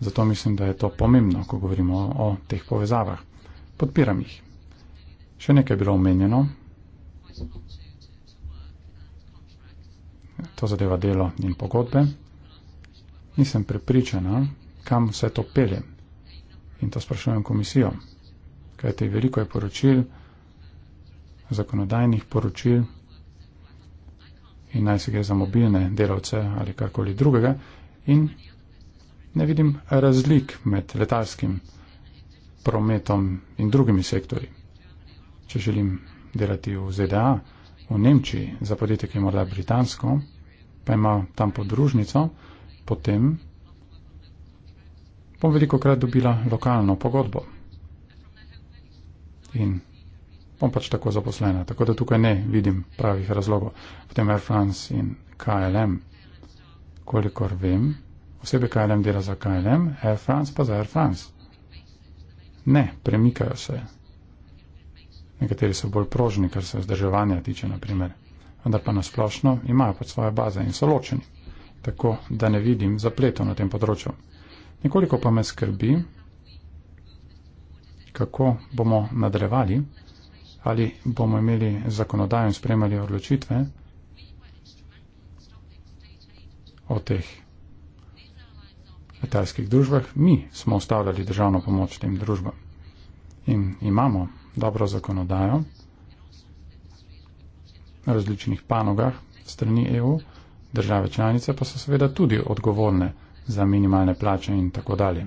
Zato mislim, da je to pomembno, ko govorimo o, o teh povezavah. Podpiram jih. Še nekaj je bilo omenjeno, to zadeva delo in pogodbe, nisem prepričana, kam vse to pelje. In to sprašujem komisijo, kajte veliko je poročil, zakonodajnih poročil in naj se gre za mobilne delavce ali karkoli drugega in ne vidim razlik med letalskim prometom in drugimi sektori. Če želim delati v ZDA, v Nemčiji, za podjetje, ki je morda britansko, pa ima tam podružnico, potem bom veliko krat dobila lokalno pogodbo. In bom pač tako zaposlena. Tako da tukaj ne vidim pravih razlogov. Potem Air France in KLM. Kolikor vem, osebe KLM dela za KLM, Air France pa za Air France. Ne, premikajo se. Nekateri so bolj prožni, kar se vzdrževanja tiče, na primer vendar pa nasplošno imajo pod pač svoje baze in so ločeni, tako da ne vidim zapletov na tem področju. Nekoliko pa me skrbi, kako bomo nadrevali, ali bomo imeli zakonodajo in spremljali odločitve o teh letalskih družbah. Mi smo ustavljali državno pomoč tem družbam in imamo dobro zakonodajo na različnih panogah strani EU, države članice pa so seveda tudi odgovorne za minimalne plače in tako dalje.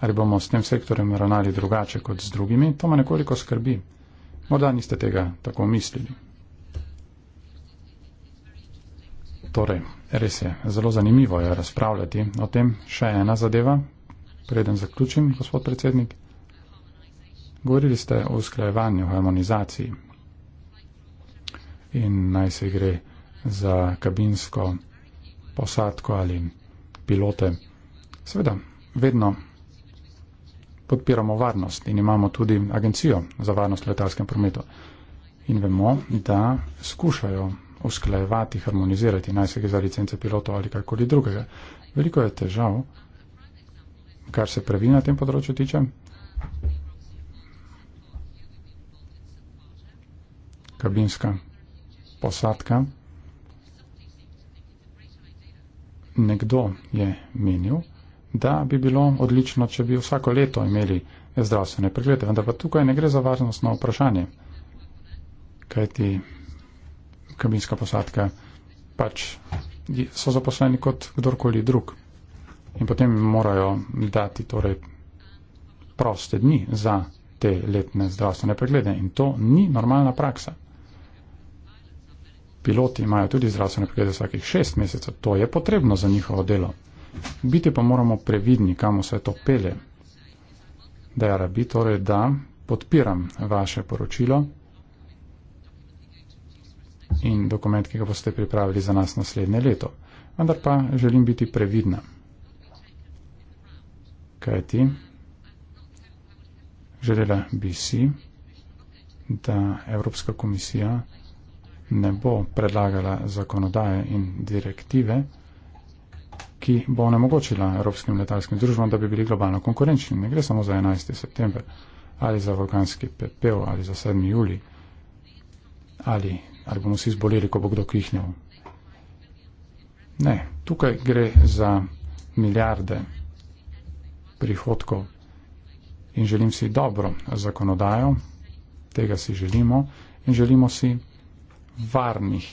Ali bomo s tem sektorjem ravnali drugače kot z drugimi, to me nekoliko skrbi. Morda niste tega tako mislili. Torej, res je, zelo zanimivo je razpravljati o tem. Še ena zadeva, preden zaključim, gospod predsednik. Govorili ste o usklajevanju, harmonizaciji in naj se gre za kabinsko posadko ali pilote. Seveda, vedno podpiramo varnost in imamo tudi agencijo za varnost v letalskem prometu. In vemo, da skušajo usklajevati, harmonizirati, naj se gre za licence pilotov ali karkoli drugega. Veliko je težav, kar se pravi na tem področju tiče. kabinska posadka. Nekdo je menil, da bi bilo odlično, če bi vsako leto imeli zdravstvene preglede, vendar pa tukaj ne gre za varnostno vprašanje, kajti kabinska posadka pač so zaposleni kot kdorkoli drug in potem morajo dati torej proste dni za te letne zdravstvene preglede in to ni normalna praksa. Piloti imajo tudi zdravstvene preglede vsakih šest mesecev, to je potrebno za njihovo delo. Biti pa moramo previdni, kam vse to pele. Da je rabi, torej da podpiram vaše poročilo in dokument, ki ga boste pripravili za nas naslednje leto. Vendar pa želim biti previdna. Kaj ti? Želela bi si, da Evropska komisija ne bo predlagala zakonodaje in direktive, ki bo onemogočila evropskim letalskim družbam, da bi bili globalno konkurenčni. Ne gre samo za 11. september ali za vulkanski pepel ali za 7. juli ali, ali bomo vsi zboleli, ko bo kdo kihnil. Ne, tukaj gre za milijarde prihodkov in želim si dobro zakonodajo, tega si želimo in želimo si varnih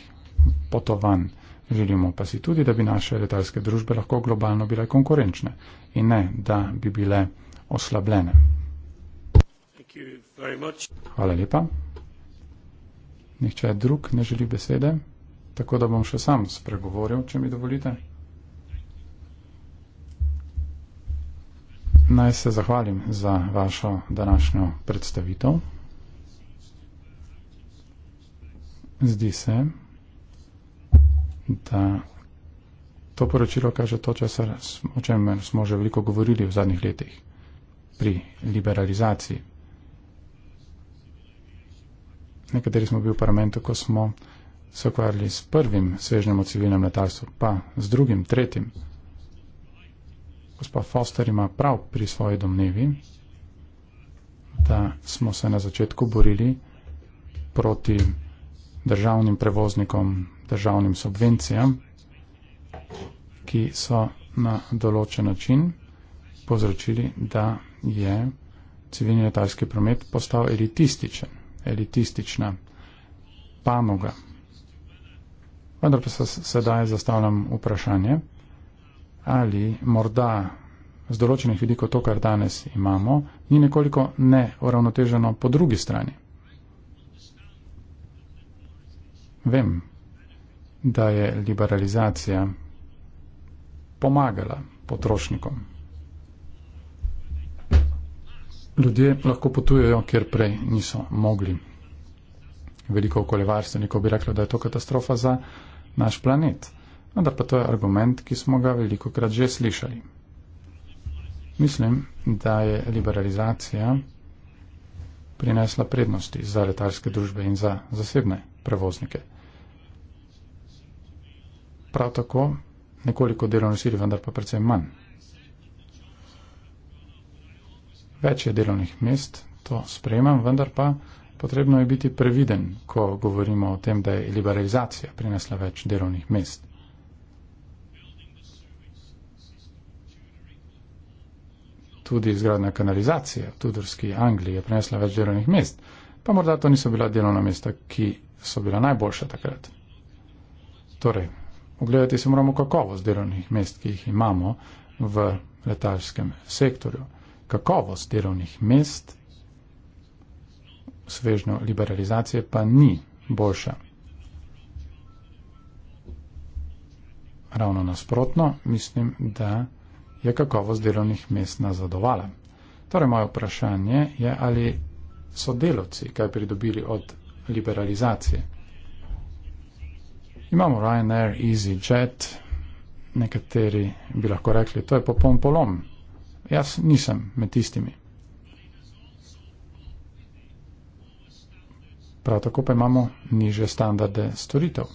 potovanj želimo pa si tudi, da bi naše letalske družbe lahko globalno bile konkurenčne in ne, da bi bile oslabljene. Hvala lepa. Nihče drug ne želi besede, tako da bom še sam spregovoril, če mi dovolite. Naj se zahvalim za vašo današnjo predstavitev. zdi se, da to poročilo kaže to, če se, o čemer smo že veliko govorili v zadnjih letih pri liberalizaciji. Nekateri smo bili v parlamentu, ko smo se ukvarjali s prvim svežnjem o civilnem letalstvu, pa z drugim, tretjim. Gospod Foster ima prav pri svoji domnevi, da smo se na začetku borili proti državnim prevoznikom, državnim subvencijam, ki so na določen način povzročili, da je civilni letalski promet postal elitističen, elitistična panoga. Vendar pa se sedaj zastavljam vprašanje, ali morda z določenih vidikov to, kar danes imamo, ni nekoliko neuravnoteženo po drugi strani. Vem, da je liberalizacija pomagala potrošnikom. Ljudje lahko potujejo, kjer prej niso mogli. Veliko okoljevarstvenikov bi reklo, da je to katastrofa za naš planet. Vendar pa to je argument, ki smo ga veliko krat že slišali. Mislim, da je liberalizacija prinesla prednosti za letalske družbe in za zasebne prevoznike prav tako nekoliko delovne sile, vendar pa predvsem manj. Več je delovnih mest, to sprejemam, vendar pa potrebno je biti previden, ko govorimo o tem, da je liberalizacija prinesla več delovnih mest. Tudi izgradna kanalizacije v Tudorski Angliji je prinesla več delovnih mest, pa morda to niso bila delovna mesta, ki so bila najboljša takrat. Torej, ogledati se moramo kakovost delovnih mest, ki jih imamo v letalskem sektorju. Kakovost delovnih mest svežno liberalizacije pa ni boljša. Ravno nasprotno, mislim, da je kakovost delovnih mest nazadovala. Torej, moje vprašanje je, ali so delavci kaj pridobili od liberalizacije. Imamo Ryanair, EasyJet, nekateri bi lahko rekli, to je popoln polom. Jaz nisem med tistimi. Prav tako pa imamo niže standarde storitev.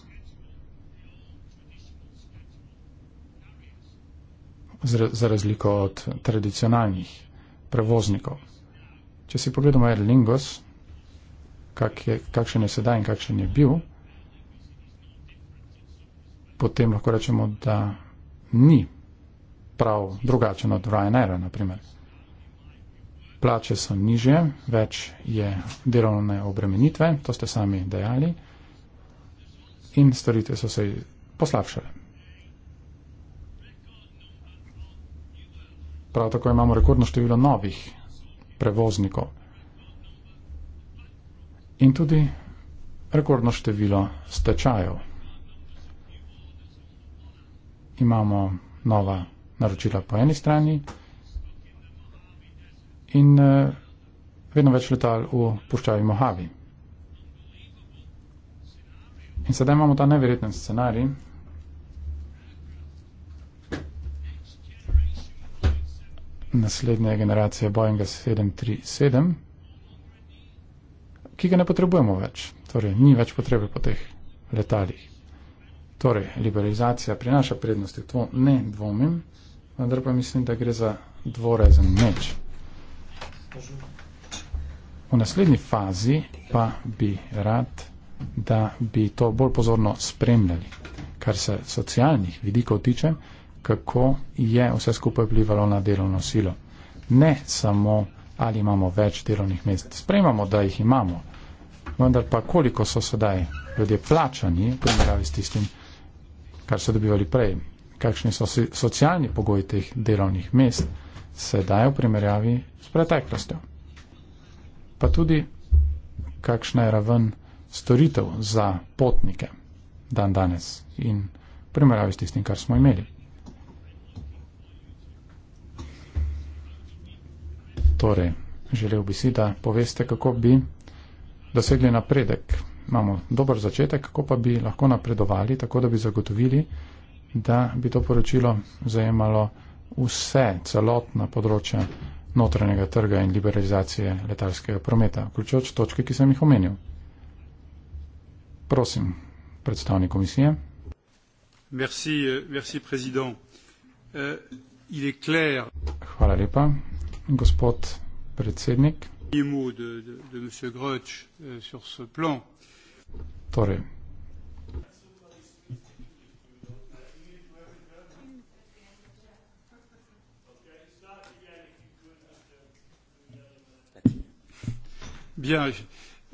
Za razliko od tradicionalnih prevoznikov. Če si pogledamo Erlingos, kak kakšen je sedaj in kakšen je bil, potem lahko rečemo, da ni prav drugačen od Ryanaira, na primer. Plače so nižje, več je delovne obremenitve, to ste sami dejali, in storitve so se poslabšale. Prav tako imamo rekordno število novih prevoznikov in tudi rekordno število stečajev imamo nova naročila po eni strani in eh, vedno več letal v puščavi Mojave. In sedaj imamo ta neverjeten scenarij, naslednje generacije Boeinga 737, ki ga ne potrebujemo več. Torej, ni več potrebe po teh letalih. Torej, liberalizacija prinaša prednosti, to ne dvomim, vendar pa mislim, da gre za dvorezen meč. V naslednji fazi pa bi rad, da bi to bolj pozorno spremljali, kar se socialnih vidikov tiče, kako je vse skupaj vplivalo na delovno silo. Ne samo, ali imamo več delovnih mest. Sprejmamo, da jih imamo, vendar pa koliko so sedaj ljudje plačani v primerjavi s tistim, kar so dobivali prej. Kakšni so socialni pogoji teh delovnih mest sedaj v primerjavi s preteklostjo? Pa tudi, kakšna je raven storitev za potnike dan danes in v primerjavi s tistim, kar smo imeli. Torej, želel bi si, da poveste, kako bi dosegli napredek imamo dober začetek, kako pa bi lahko napredovali, tako da bi zagotovili, da bi to poročilo zajemalo vse celotna področja notranjega trga in liberalizacije letalskega prometa, vključujoč točke, ki sem jih omenil. Prosim, predstavnik komisije. Merci, euh, merci, prezident. Uh, il est clair. Hvala lepa, gospod predsednik. Il est mou de, de, de monsieur Grotsch euh, sur ce plan. Torej. Bien,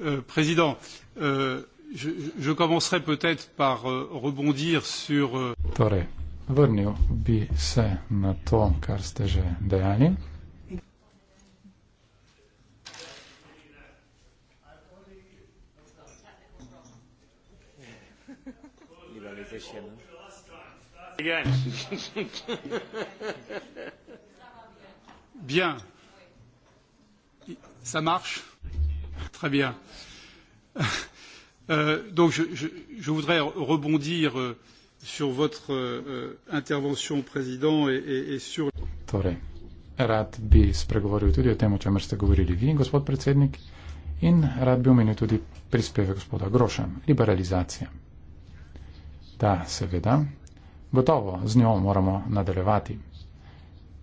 euh, Président, euh, je, je commencerai peut-être par euh, rebondir sur... Euh... Torej, vrnil bi se na to, kar ste že dejali. Krischen. Ne? Bien. bien. Ça marche Très bien. Euh, donc je, je, je voudrais rebondir euh, sur votre euh, intervention, Président, et, et, et sur. Torej, rad bi spregovoril tudi o tem, o čemer ste govorili vi, gospod predsednik, in rad bi omenil tudi prispevek gospoda Groša, liberalizacija. Da, seveda. Gotovo, z njo moramo nadaljevati.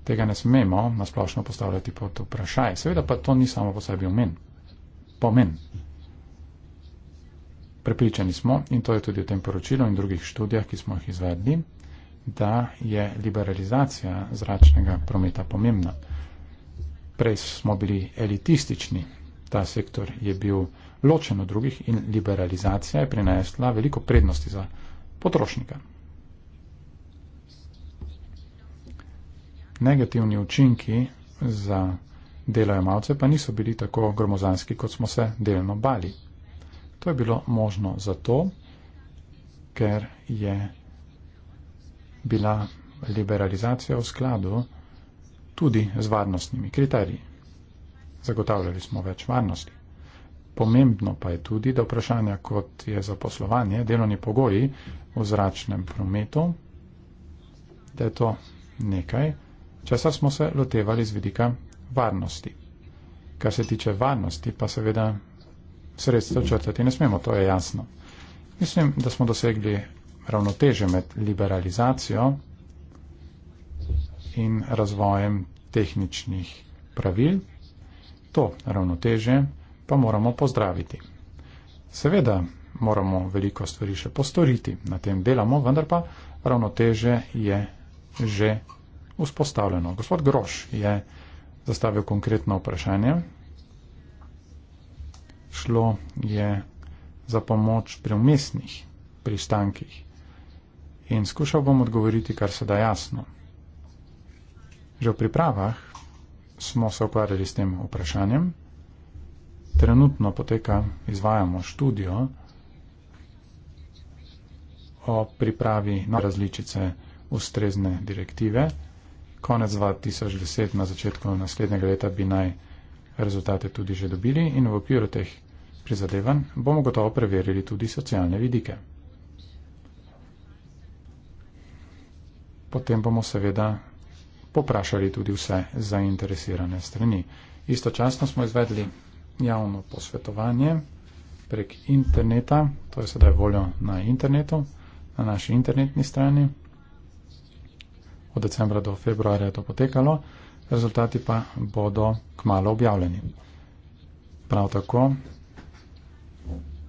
Tega ne smemo nasplošno postavljati pod vprašanje. Seveda pa to ni samo po sebi umen. Pomen. Prepričani smo, in to je tudi v tem poročilu in drugih študijah, ki smo jih izvedli, da je liberalizacija zračnega prometa pomembna. Prej smo bili elitistični, ta sektor je bil ločen od drugih in liberalizacija je prinesla veliko prednosti za potrošnika. Negativni učinki za delojemalce pa niso bili tako gromozanski, kot smo se delno bali. To je bilo možno zato, ker je bila liberalizacija v skladu tudi z varnostnimi kriteriji. Zagotavljali smo več varnosti. Pomembno pa je tudi, da vprašanja, kot je zaposlovanje, delovni pogoji, v zračnem prometu, da je to nekaj, česar smo se lotevali z vidika varnosti. Kar se tiče varnosti, pa seveda sredstva črtati ne smemo, to je jasno. Mislim, da smo dosegli ravnoteže med liberalizacijo in razvojem tehničnih pravil. To ravnoteže pa moramo pozdraviti. Seveda moramo veliko stvari še postoriti. Na tem delamo, vendar pa ravnoteže je že vzpostavljeno. Gospod Groš je zastavil konkretno vprašanje. Šlo je za pomoč pri umestnih pristankih. In skušal bom odgovoriti, kar se da jasno. Že v pripravah smo se ukvarjali s tem vprašanjem. Trenutno poteka, izvajamo študijo, o pripravi na različice ustrezne direktive. Konec 2010, na začetku naslednjega leta, bi naj rezultate tudi že dobili in v okviru teh prizadevanj bomo gotovo preverili tudi socialne vidike. Potem bomo seveda poprašali tudi vse zainteresirane strani. Istočasno smo izvedli javno posvetovanje prek interneta, to je sedaj voljo na internetu na naši internetni strani. Od decembra do februarja je to potekalo, rezultati pa bodo kmalo objavljeni. Prav tako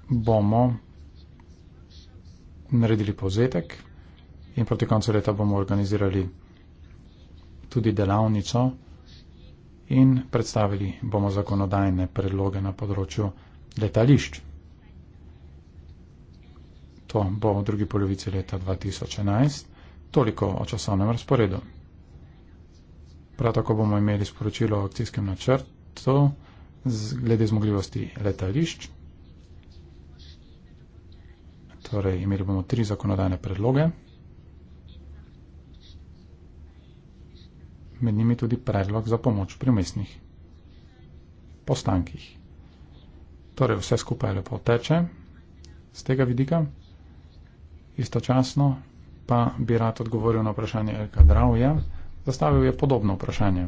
bomo naredili povzetek in proti koncu leta bomo organizirali tudi delavnico in predstavili bomo zakonodajne predloge na področju letališča to bo v drugi polovici leta 2011. Toliko o časovnem razporedu. Prav tako bomo imeli sporočilo o akcijskem načrtu glede zmogljivosti letališč. Torej, imeli bomo tri zakonodajne predloge. Med njimi tudi predlog za pomoč pri mestnih postankih. Torej, vse skupaj lepo teče z tega vidika istočasno pa bi rad odgovoril na vprašanje Elka Dravja. Zastavil je podobno vprašanje.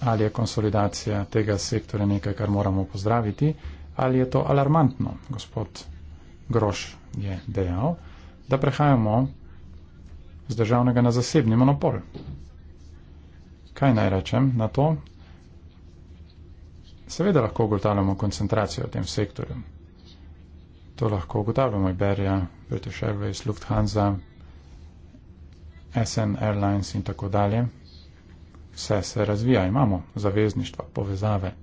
Ali je konsolidacija tega sektora nekaj, kar moramo pozdraviti, ali je to alarmantno, gospod Groš je dejal, da prehajamo z državnega na zasebni monopol. Kaj naj rečem na to, Seveda lahko ugotavljamo koncentracijo v tem sektorju. To lahko ugotavljamo Iberia, British Airways, Lufthansa, SN Airlines in tako dalje. Vse se razvija, imamo zavezništva, povezave.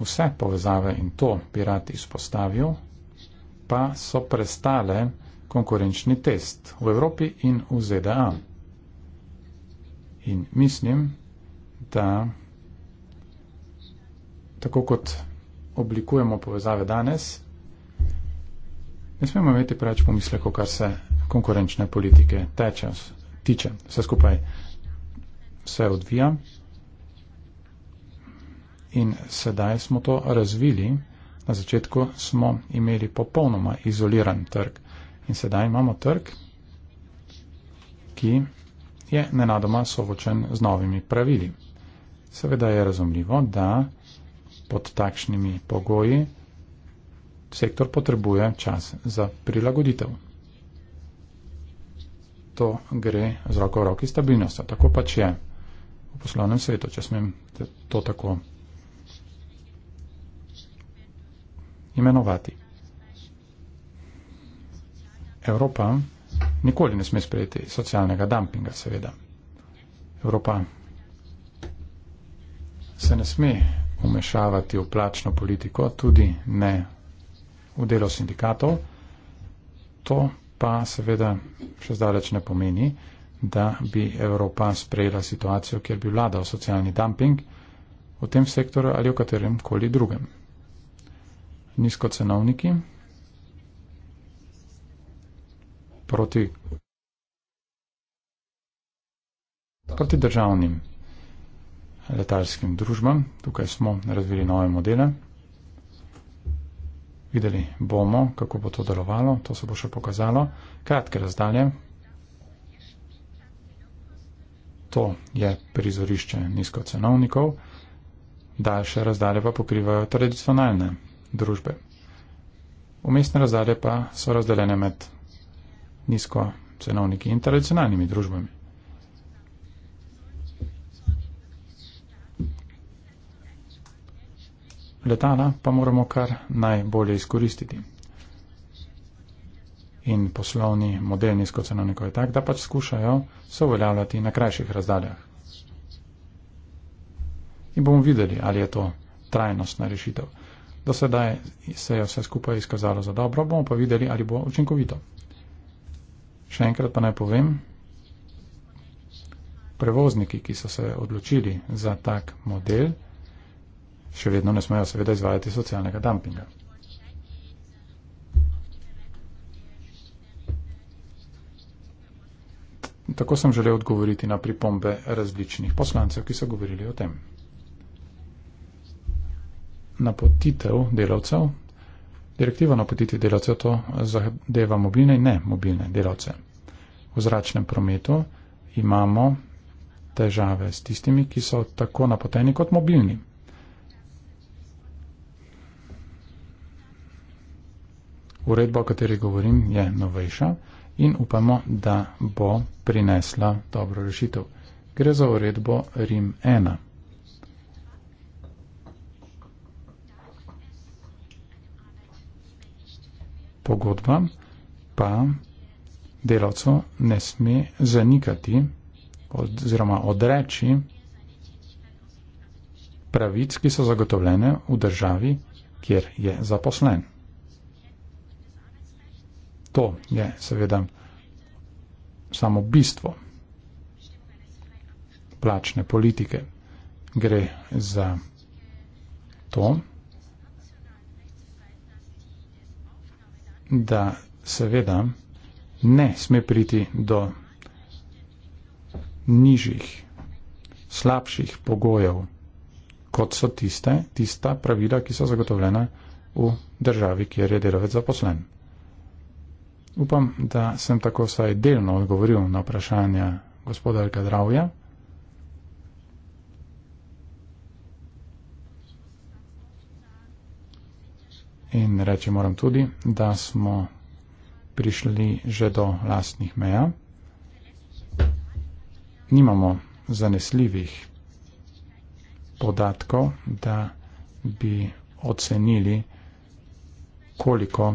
Vse povezave in to bi rad izpostavil, pa so prestale konkurenčni test v Evropi in v ZDA. In mislim, da tako kot oblikujemo povezave danes, ne smemo imeti preveč pomisleko, kar se konkurenčne politike teče, tiče. Vse skupaj se odvija in sedaj smo to razvili. Na začetku smo imeli popolnoma izoliran trg in sedaj imamo trg, ki je nenadoma sovočen z novimi pravili. Seveda je razumljivo, da pod takšnimi pogoji, sektor potrebuje čas za prilagoditev. To gre z roko v roki stabilnosti. Tako pač je v poslovnem svetu, če smem to tako imenovati. Evropa nikoli ne sme sprejeti socialnega dumpinga, seveda. Evropa se ne sme vmešavati v plačno politiko, tudi ne v delo sindikatov. To pa seveda še zdaleč ne pomeni, da bi Evropa sprejela situacijo, kjer bi vladal socialni dumping v tem sektorju ali v katerem koli drugem. Nizkocenovniki proti, proti državnim letalskim družbam. Tukaj smo razvili nove modele. Videli bomo, kako bo to delovalo, to se bo še pokazalo. Kratke razdalje. To je prizorišče nizkocenovnikov, daljše razdalje pa pokrivajo tradicionalne družbe. Umestne razdalje pa so razdeljene med nizkocenovniki in tradicionalnimi družbami. letala pa moramo kar najbolje izkoristiti. In poslovni model nizkocenovnikov je tak, da pač skušajo se uveljavljati na krajših razdaljah. In bomo videli, ali je to trajnostna rešitev. Do sedaj se je vse skupaj izkazalo za dobro, bomo pa videli, ali bo učinkovito. Še enkrat pa naj povem, prevozniki, ki so se odločili za tak model, še vedno ne smejo seveda izvajati socialnega dumpinga. Tako sem želel odgovoriti na pripombe različnih poslancev, ki so govorili o tem. Napotitev delavcev. Direktiva napotiti delavcev to zahdeva mobilne in ne mobilne delavce. V zračnem prometu imamo težave s tistimi, ki so tako napoteni kot mobilni. Uredba, o kateri govorim, je novejša in upamo, da bo prinesla dobro rešitev. Gre za uredbo Rim 1. Pogodba pa delavcu ne sme zanikati oziroma odreči pravic, ki so zagotovljene v državi, kjer je zaposlen. To je seveda samo bistvo plačne politike. Gre za to, da seveda ne sme priti do nižjih, slabših pogojev, kot so tiste, tista pravila, ki so zagotovljena v državi, kjer je delavec zaposlen. Upam, da sem tako vsaj delno odgovoril na vprašanja gospoda Elkadravja. In reči moram tudi, da smo prišli že do lastnih meja. Nimamo zanesljivih podatkov, da bi ocenili, koliko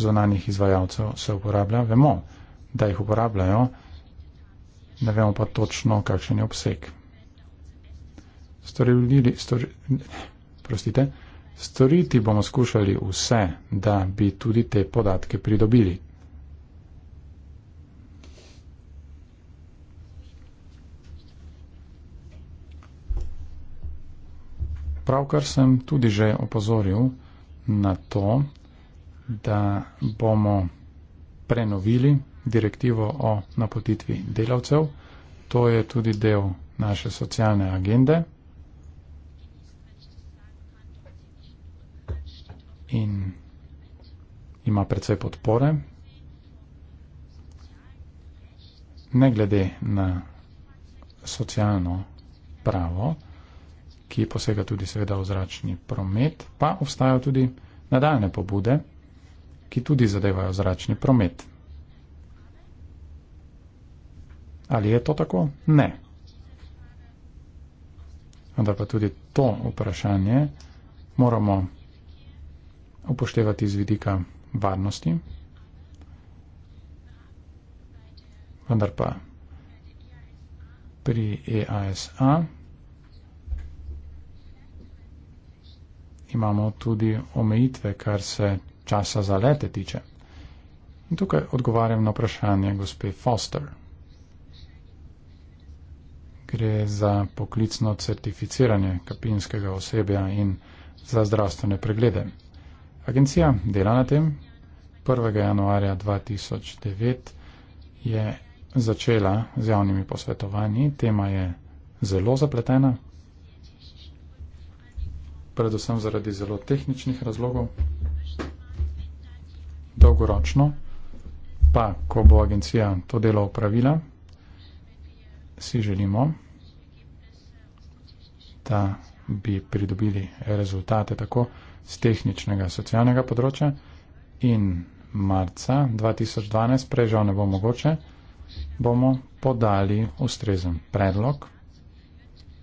zunanjih izvajalcev se uporablja, vemo, da jih uporabljajo, ne vemo pa točno, kakšen je obseg. Storili, stori, prostite, storiti bomo skušali vse, da bi tudi te podatke pridobili. Pravkar sem tudi že opozoril na to, da bomo prenovili direktivo o napotitvi delavcev. To je tudi del naše socialne agende. In ima predvsej podpore. Ne glede na socialno pravo, ki posega tudi seveda v zračni promet, pa obstajajo tudi nadaljne pobude ki tudi zadevajo zračni promet. Ali je to tako? Ne. Vendar pa tudi to vprašanje moramo upoštevati z vidika varnosti. Vendar pa pri EASA imamo tudi omejitve, kar se časa za lete tiče. In tukaj odgovarjam na vprašanje gospe Foster. Gre za poklicno certificiranje kapinskega osebja in za zdravstvene preglede. Agencija dela na tem. 1. januarja 2009 je začela z javnimi posvetovanji. Tema je zelo zapletena, predvsem zaradi zelo tehničnih razlogov dolgoročno, pa ko bo agencija to delo upravila, si želimo, da bi pridobili rezultate tako z tehničnega socialnega področja in marca 2012, prej žal ne bo mogoče, bomo podali ustrezen predlog,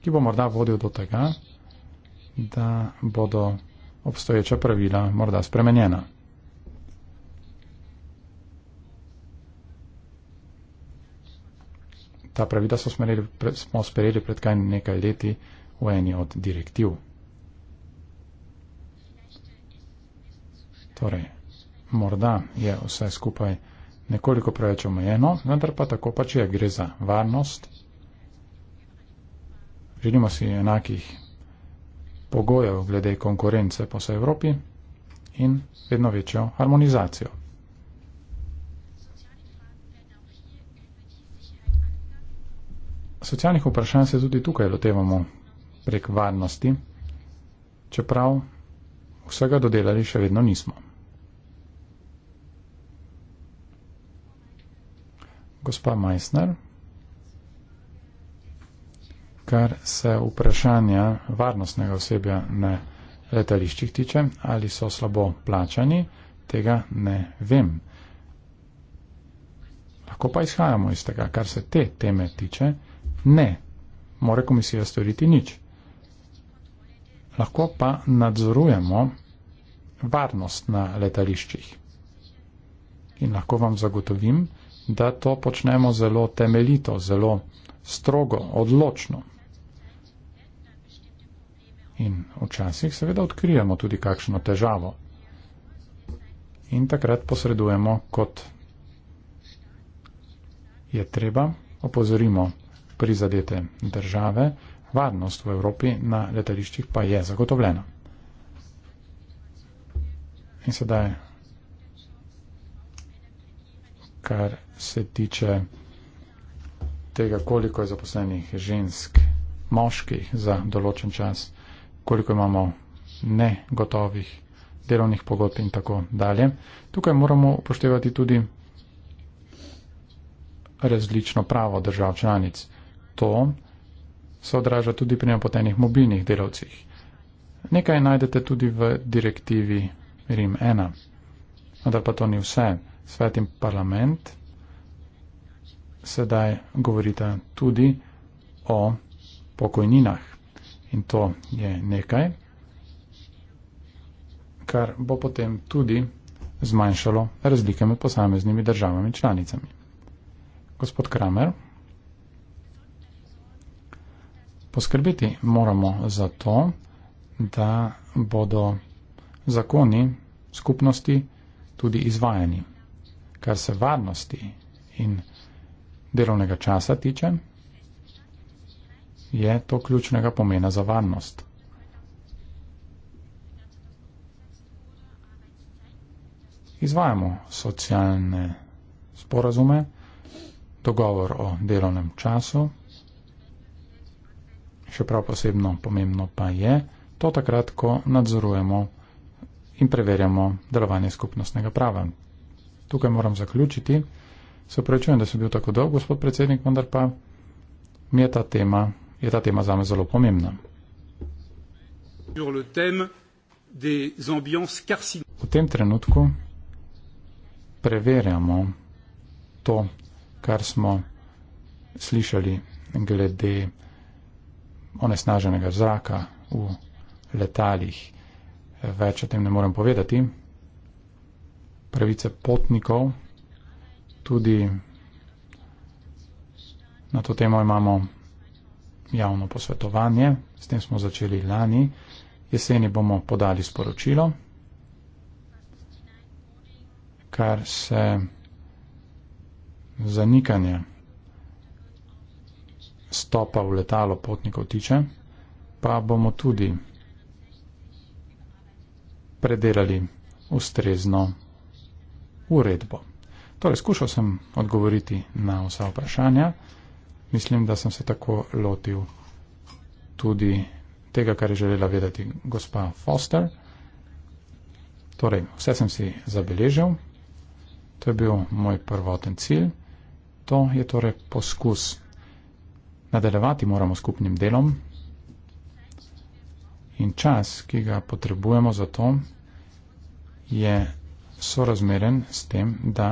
ki bo morda vodil do tega, da bodo obstoječa pravila morda spremenjena. Ta pravila smo, smo sprejeli pred kaj nekaj leti v eni od direktiv. Torej, morda je vse skupaj nekoliko preveč omejeno, vendar pa tako pač je, gre za varnost. Želimo si enakih pogojev glede konkurence po vsej Evropi in vedno večjo harmonizacijo. Socialnih vprašanj se tudi tukaj lotevamo prek varnosti, čeprav vsega dodelali še vedno nismo. Gospa Meissner, kar se vprašanja varnostnega osebja na letališčih tiče, ali so slabo plačani, tega ne vem. Lahko pa izhajamo iz tega, kar se te teme tiče, Ne, more komisija storiti nič. Lahko pa nadzorujemo varnost na letališčih. In lahko vam zagotovim, da to počnemo zelo temeljito, zelo strogo, odločno. In včasih seveda odkrijemo tudi kakšno težavo. In takrat posredujemo, kot je treba, opozorimo prizadete države, varnost v Evropi na letališčih pa je zagotovljena. In sedaj, kar se tiče tega, koliko je zaposlenih žensk, moških za določen čas, koliko imamo negotovih delovnih pogodb in tako dalje. Tukaj moramo upoštevati tudi različno pravo držav članic. To se odraža tudi pri napotenih mobilnih delavcih. Nekaj najdete tudi v direktivi Rim 1. Vendar pa to ni vse. Svet in parlament sedaj govorita tudi o pokojninah. In to je nekaj, kar bo potem tudi zmanjšalo razlike med posameznimi državami članicami. Gospod Kramer. Poskrbeti moramo za to, da bodo zakoni skupnosti tudi izvajani. Kar se varnosti in delovnega časa tiče, je to ključnega pomena za varnost. Izvajamo socialne sporazume, dogovor o delovnem času, Še prav posebno pomembno pa je to takrat, ko nadzorujemo in preverjamo delovanje skupnostnega prava. Tukaj moram zaključiti. Se upravičujem, da sem bil tako dolg, gospod predsednik, vendar pa mi je ta tema, je ta tema zame zelo pomembna. V tem trenutku preverjamo to, kar smo slišali glede onesnaženega zraka v letalih. Več o tem ne morem povedati. Pravice potnikov tudi na to temo imamo javno posvetovanje. S tem smo začeli lani. Jeseni bomo podali sporočilo, kar se zanikanje stopa v letalo potnikov tiče, pa bomo tudi predelali ustrezno uredbo. Torej, skušal sem odgovoriti na vsa vprašanja. Mislim, da sem se tako lotil tudi tega, kar je želela vedeti gospa Foster. Torej, vse sem si zabeležil. To je bil moj prvoten cilj. To je torej poskus Nadaljevati moramo skupnim delom in čas, ki ga potrebujemo za to, je sorazmeren s tem, da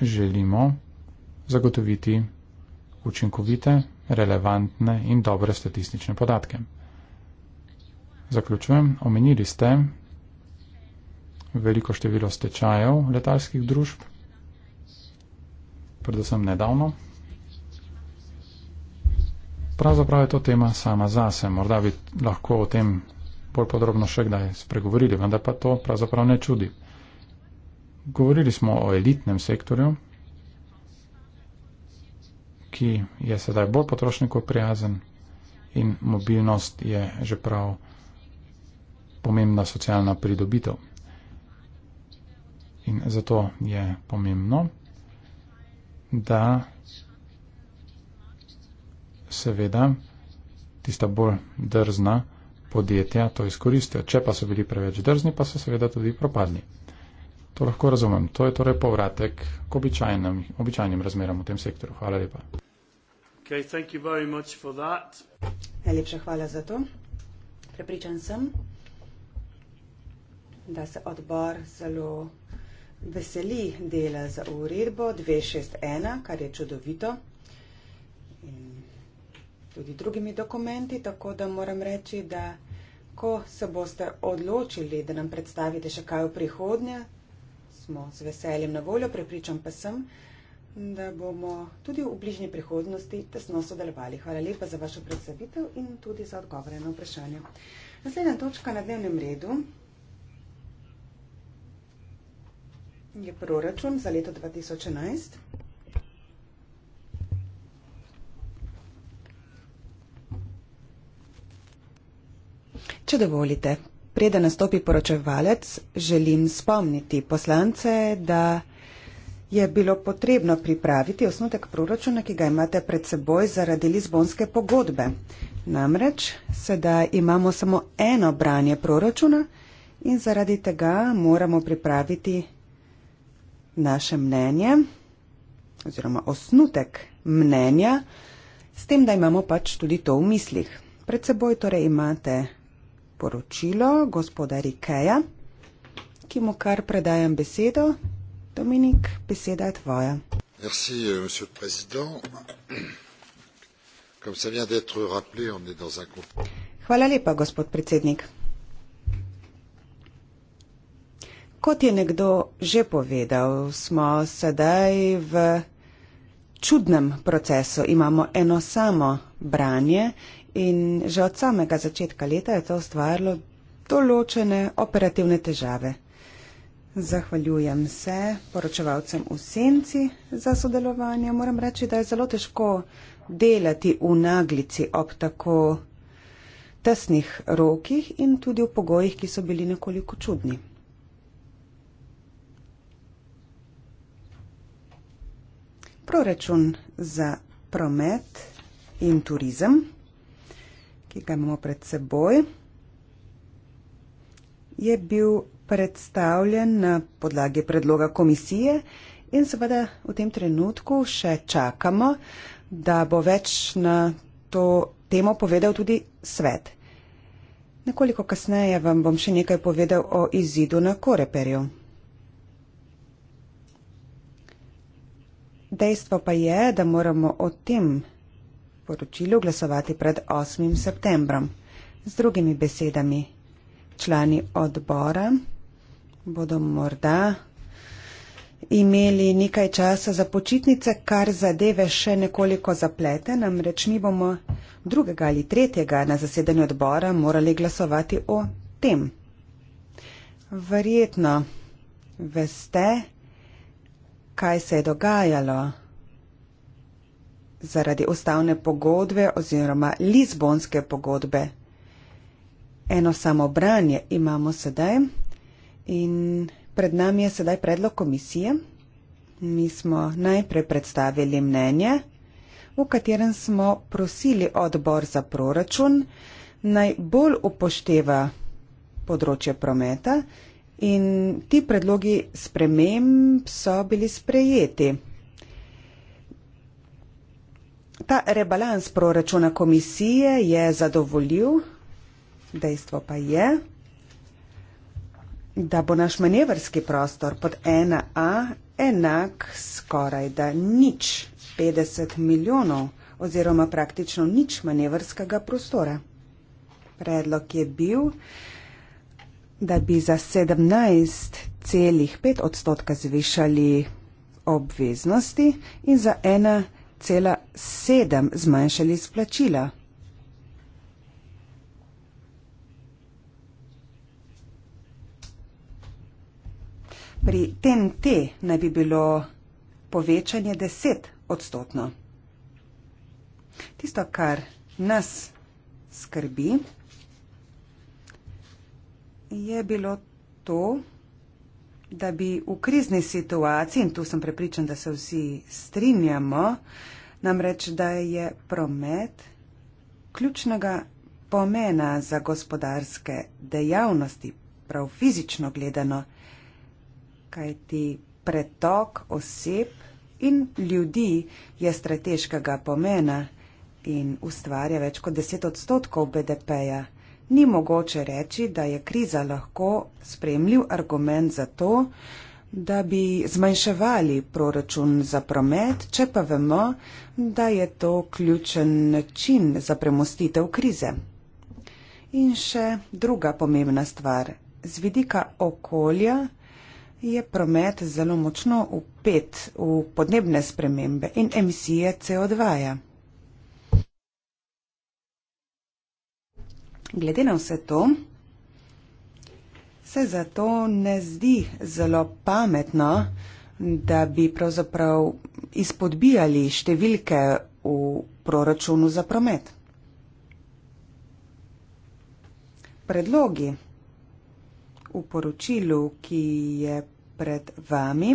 želimo zagotoviti učinkovite, relevantne in dobre statistične podatke. Zaključujem, omenili ste veliko število stečajev letalskih družb, predvsem nedavno pravzaprav je to tema sama zase. Morda bi lahko o tem bolj podrobno še kdaj spregovorili, vendar pa to pravzaprav ne čudi. Govorili smo o elitnem sektorju, ki je sedaj bolj potrošniku prijazen in mobilnost je že prav pomembna socialna pridobitev. In zato je pomembno, da seveda tista bolj drzna podjetja to izkoristijo. Če pa so bili preveč drzni, pa so seveda tudi propadli. To lahko razumem. To je torej povratek k običajnim, običajnim razmeram v tem sektorju. Hvala lepa. Okay, thank you very much for that. Najlepša hvala za to. Prepričan sem, da se odbor zelo veseli dela za uredbo 261, kar je čudovito tudi drugimi dokumenti, tako da moram reči, da ko se boste odločili, da nam predstavite še kaj v prihodnje, smo z veseljem na voljo, prepričam pa sem, da bomo tudi v bližnji prihodnosti tesno sodelovali. Hvala lepa za vašo predstavitev in tudi za odgovore na vprašanje. Naslednja točka na dnevnem redu je proračun za leto 2011. Če dovolite, preden nastopi poročevalec, želim spomniti poslance, da je bilo potrebno pripraviti osnutek proračuna, ki ga imate pred seboj zaradi Lizbonske pogodbe. Namreč sedaj imamo samo eno branje proračuna in zaradi tega moramo pripraviti naše mnenje oziroma osnutek mnenja, s tem, da imamo pač tudi to v mislih. Pred seboj torej imate poročilo gospoda Rikeja, ki mu kar predajam besedo. Dominik, beseda je tvoja. Merci, euh, monsieur le président. Comme ça vient d'être rappelé, on est dans un contexte. Hvala lepa, gospod predsednik. Kot je nekdo že povedal, smo sedaj v čudnem procesu. Imamo eno samo branje in že od samega začetka leta je to ustvarilo določene operativne težave. Zahvaljujem se poročevalcem v senci za sodelovanje. Moram reči, da je zelo težko delati v naglici ob tako tesnih rokih in tudi v pogojih, ki so bili nekoliko čudni. Proračun za promet in turizem ki ga imamo pred seboj, je bil predstavljen na podlagi predloga komisije in seveda v tem trenutku še čakamo, da bo več na to temo povedal tudi svet. Nekoliko kasneje vam bom še nekaj povedal o izidu na Koreperju. Dejstvo pa je, da moramo o tem poročilu glasovati pred 8. septembrom. Z drugimi besedami, člani odbora bodo morda imeli nekaj časa za počitnice, kar zadeve še nekoliko zaplete, namreč mi bomo drugega ali tretjega na zasedanju odbora morali glasovati o tem. Verjetno veste, kaj se je dogajalo zaradi ustavne pogodbe oziroma Lizbonske pogodbe. Eno samo branje imamo sedaj in pred nami je sedaj predlog komisije. Mi smo najprej predstavili mnenje, v katerem smo prosili odbor za proračun naj bolj upošteva področje prometa in ti predlogi sprememb so bili sprejeti. Ta rebalans proračuna komisije je zadovoljiv, dejstvo pa je, da bo naš manevrski prostor pod 1A enak skoraj da nič 50 milijonov oziroma praktično nič manevrskega prostora. Predlog je bil, da bi za 17,5 odstotka zvišali obveznosti in za 1,5 odstotka cela sedem zmanjšali splačila. Pri TNT naj bi bilo povečanje deset odstotno. Tisto, kar nas skrbi, je bilo to, da bi v krizni situaciji, in tu sem prepričan, da se vsi strinjamo, namreč, da je promet ključnega pomena za gospodarske dejavnosti, prav fizično gledano, kajti pretok oseb in ljudi je strateškega pomena in ustvarja več kot 10 odstotkov BDP-ja ni mogoče reči, da je kriza lahko spremljiv argument za to, da bi zmanjševali proračun za promet, če pa vemo, da je to ključen način za premostitev krize. In še druga pomembna stvar. Z vidika okolja je promet zelo močno upet v podnebne spremembe in emisije CO2. -ja. Glede na vse to, se zato ne zdi zelo pametno, da bi pravzaprav izpodbijali številke v proračunu za promet. Predlogi v poročilu, ki je pred vami,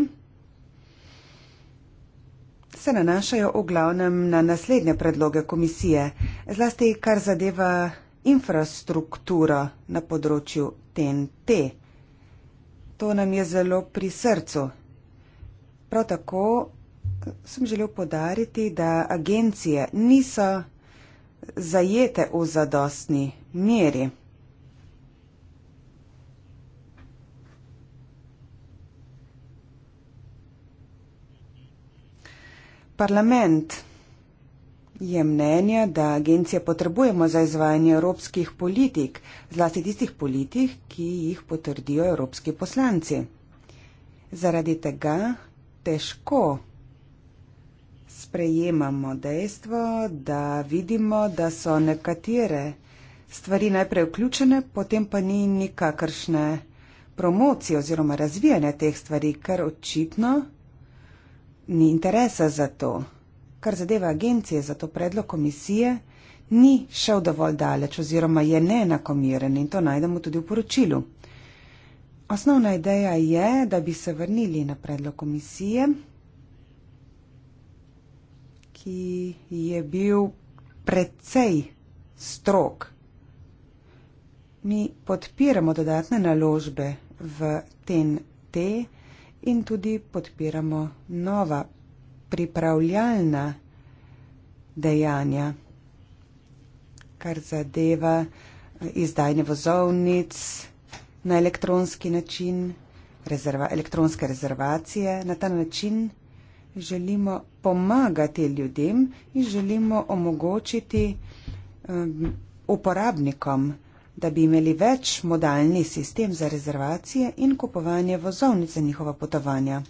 se nanašajo v glavnem na naslednje predloge komisije, zlasti kar zadeva infrastruktura na področju TNT. To nam je zelo pri srcu. Prav tako sem želel podariti, da agencije niso zajete v zadostni meri. Parlament je mnenje, da agencije potrebujemo za izvajanje evropskih politik, zlasti tistih politik, ki jih potrdijo evropski poslanci. Zaradi tega težko sprejemamo dejstvo, da vidimo, da so nekatere stvari najprej vključene, potem pa ni nikakršne promocije oziroma razvijanja teh stvari, kar očitno ni interesa za to kar zadeva agencije, zato predlog komisije ni šel dovolj daleč oziroma je neenakomeren in to najdemo tudi v poročilu. Osnovna ideja je, da bi se vrnili na predlog komisije, ki je bil precej strok. Mi podpiramo dodatne naložbe v TNT in tudi podpiramo nova pripravljalna dejanja, kar zadeva eh, izdajanje vozovnic na elektronski način, rezerva, elektronske rezervacije. Na ta način želimo pomagati ljudem in želimo omogočiti um, uporabnikom, da bi imeli več modalni sistem za rezervacije in kupovanje vozovnic za njihova potovanja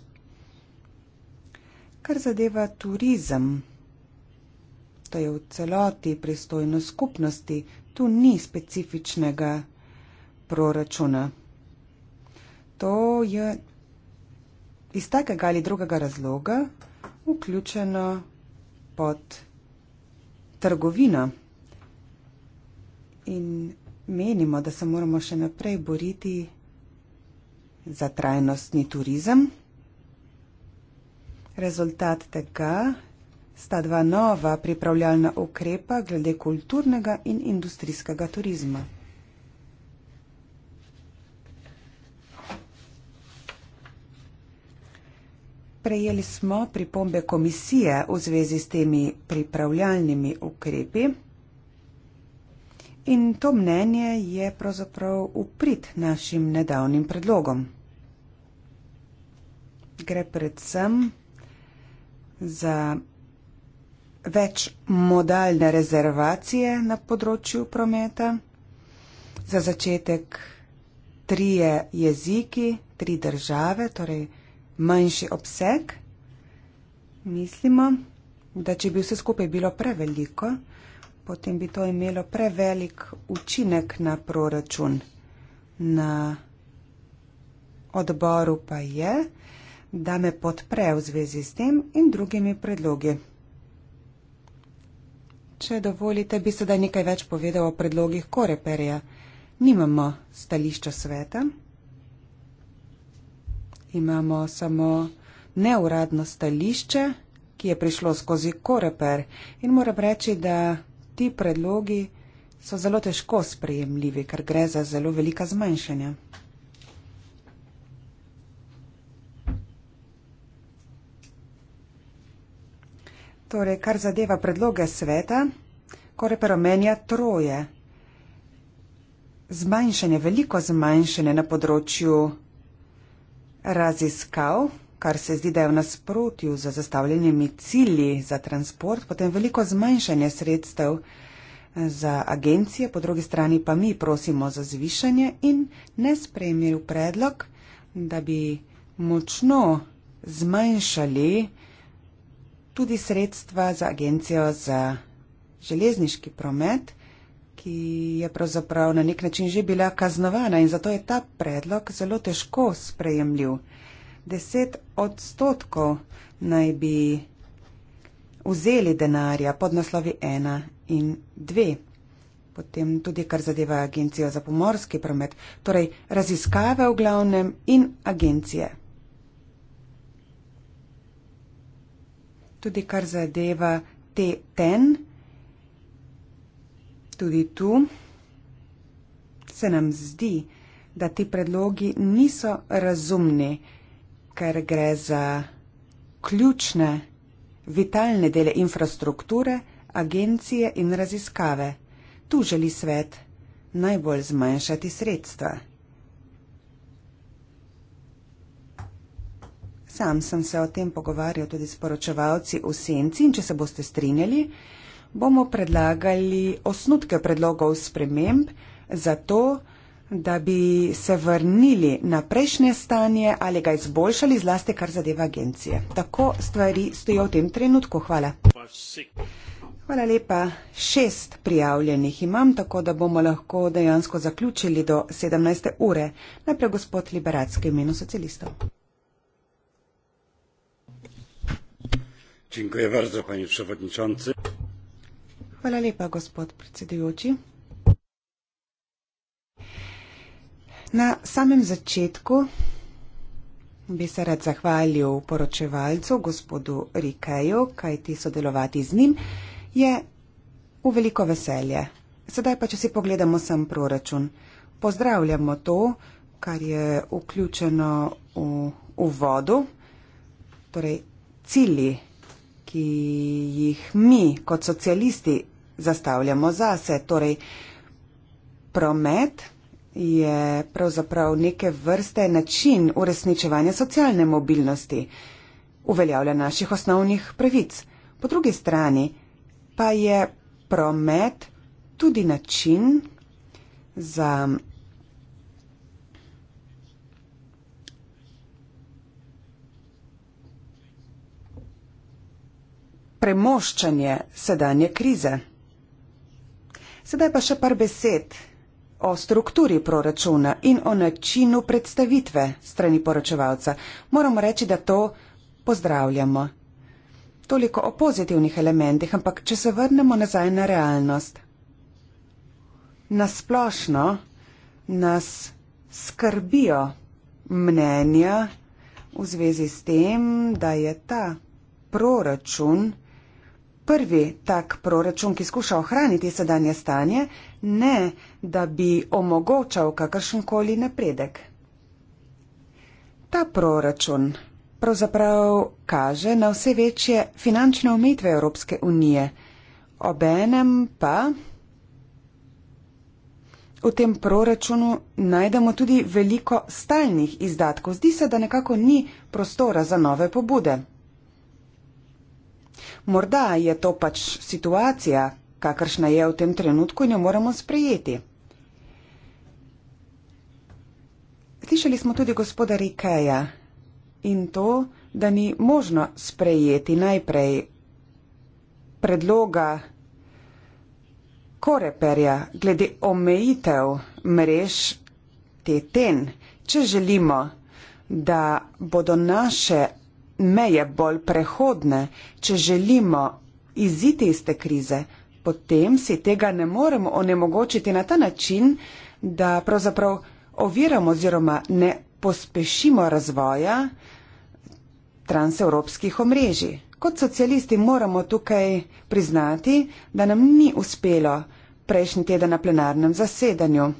kar zadeva turizem. To je v celoti pristojno skupnosti, tu ni specifičnega proračuna. To je iz takega ali drugega razloga vključeno pod trgovino. In menimo, da se moramo še naprej boriti za trajnostni turizem. Rezultat tega sta dva nova pripravljalna ukrepa glede kulturnega in industrijskega turizma. Prejeli smo pripombe komisije v zvezi s temi pripravljalnimi ukrepi in to mnenje je pravzaprav uprit našim nedavnim predlogom. Gre predvsem za za več modalne rezervacije na področju prometa. Za začetek trije jeziki, tri države, torej manjši obseg. Mislimo, da če bi vse skupaj bilo preveliko, potem bi to imelo prevelik učinek na proračun. Na odboru pa je, da me podpre v zvezi s tem in drugimi predlogi. Če dovolite, bi sedaj nekaj več povedal o predlogih Koreperja. Nimamo stališča sveta, imamo samo neuradno stališče, ki je prišlo skozi Koreper in moram reči, da ti predlogi so zelo težko sprejemljivi, ker gre za zelo velika zmanjšanja. Torej, kar zadeva predloge sveta, Koreper omenja troje. Zmanjšanje, veliko zmanjšanje na področju raziskav, kar se zdi, da je v nasprotju z zastavljenimi cilji za transport, potem veliko zmanjšanje sredstev eh, za agencije, po drugi strani pa mi prosimo za zvišanje in ne sprejmil predlog, da bi močno zmanjšali tudi sredstva za agencijo za železniški promet, ki je pravzaprav na nek način že bila kaznovana in zato je ta predlog zelo težko sprejemljiv. Deset odstotkov naj bi vzeli denarja pod naslovi ena in dve. Potem tudi, kar zadeva agencijo za pomorski promet, torej raziskave v glavnem in agencije. tudi kar zadeva te ten, tudi tu se nam zdi, da ti predlogi niso razumni, ker gre za ključne, vitalne dele infrastrukture, agencije in raziskave. Tu želi svet najbolj zmanjšati sredstva. Sam sem se o tem pogovarjal tudi s poročevalci v senci in če se boste strinjali, bomo predlagali osnutke predlogov sprememb za to, da bi se vrnili na prejšnje stanje ali ga izboljšali zlasti, kar zadeva agencije. Tako stvari stojo v tem trenutku. Hvala. Hvala lepa. Šest prijavljenih imam, tako da bomo lahko dejansko zaključili do 17. ure. Najprej gospod Liberacki, imenu socialistov. Dziękuję bardzo, panie przewodniczący. Hvala lepa, gospod predsedujoči. Na samem začetku bi se rad zahvalil poročevalcu, gospodu Rikeju, kajti sodelovati z njim je v veliko veselje. Sedaj pa, če si pogledamo sam proračun, pozdravljamo to, kar je vključeno v uvodu, torej cilji ki jih mi kot socialisti zastavljamo za se. Torej, promet je pravzaprav neke vrste način uresničevanja socialne mobilnosti, uveljavlja naših osnovnih pravic. Po drugi strani pa je promet tudi način za premoščanje sedanje krize. Sedaj pa še par besed o strukturi proračuna in o načinu predstavitve strani poročevalca. Moramo reči, da to pozdravljamo. Toliko o pozitivnih elementih, ampak če se vrnemo nazaj na realnost. Nasplošno nas skrbijo mnenja v zvezi s tem, da je ta proračun prvi tak proračun, ki skuša ohraniti sedanje stanje, ne da bi omogočal kakršenkoli napredek. Ta proračun pravzaprav kaže na vse večje finančne omejitve Evropske unije, obenem pa v tem proračunu najdemo tudi veliko stalnih izdatkov. Zdi se, da nekako ni prostora za nove pobude. Morda je to pač situacija, kakršna je v tem trenutku in jo moramo sprejeti. Slišali smo tudi gospoda Rikeja in to, da ni možno sprejeti najprej predloga koreperja glede omejitev mrež te ten, če želimo, da bodo naše meje bolj prehodne, če želimo iziti iz te krize, potem si tega ne moremo onemogočiti na ta način, da pravzaprav oviramo oziroma ne pospešimo razvoja transevropskih omrežij. Kot socialisti moramo tukaj priznati, da nam ni uspelo prejšnji teden na plenarnem zasedanju.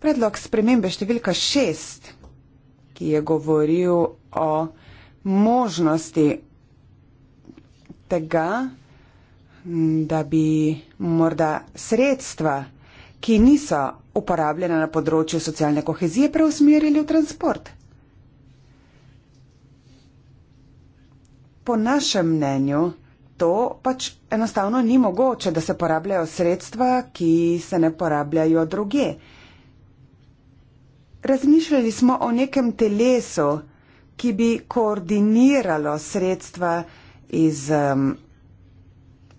Predlog spremembe številka šest ki je govoril o možnosti tega, da bi morda sredstva, ki niso uporabljena na področju socialne kohezije, preusmerili v transport. Po našem mnenju to pač enostavno ni mogoče, da se porabljajo sredstva, ki se ne porabljajo druge. Razmišljali smo o nekem telesu, ki bi koordiniralo sredstva iz um,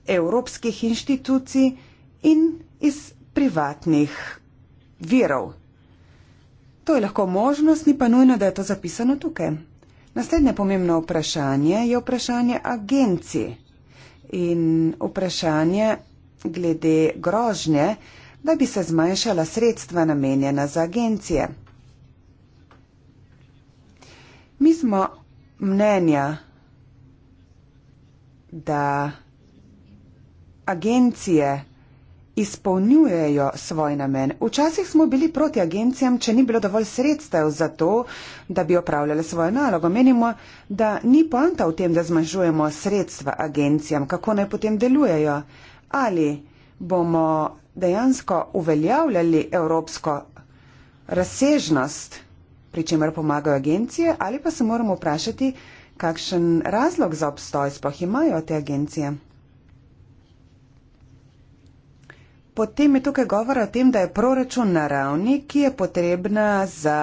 evropskih inštitucij in iz privatnih virov. To je lahko možnost, ni pa nujno, da je to zapisano tukaj. Naslednje pomembno vprašanje je vprašanje agencij in vprašanje glede grožnje, da bi se zmanjšala sredstva namenjena za agencije. Mi smo mnenja, da agencije izpolnjujejo svoj namen. Včasih smo bili proti agencijam, če ni bilo dovolj sredstev za to, da bi opravljale svojo nalogo. Menimo, da ni poanta v tem, da zmanjšujemo sredstva agencijam, kako naj potem delujejo. Ali bomo dejansko uveljavljali evropsko razsežnost? pri čemer pomagajo agencije, ali pa se moramo vprašati, kakšen razlog za obstoj sploh imajo te agencije. Potem je tukaj govora o tem, da je proračun na ravni, ki je potrebna za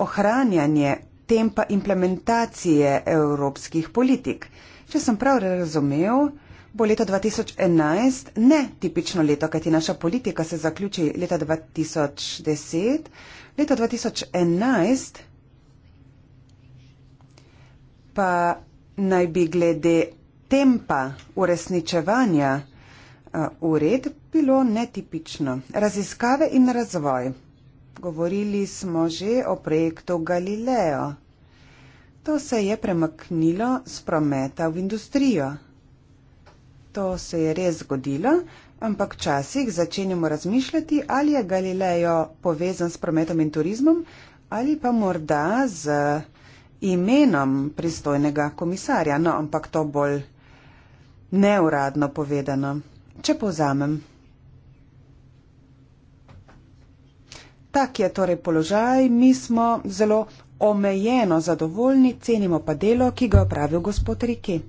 ohranjanje tempa implementacije evropskih politik. Če sem prav razumel, bo leto 2011 ne tipično leto, kajti naša politika se zaključi leta 2010. Leto 2011 pa naj bi glede tempa uresničevanja ured bilo netipično. Raziskave in razvoj. Govorili smo že o projektu Galileo. To se je premaknilo z prometa v industrijo. To se je res zgodilo, ampak včasih začenjamo razmišljati, ali je Galilejo povezan s prometom in turizmom ali pa morda z imenom pristojnega komisarja. No, ampak to bolj neuradno povedano. Če povzamem. Tak je torej položaj, mi smo zelo omejeno zadovoljni, cenimo pa delo, ki ga je opravil gospod Riki.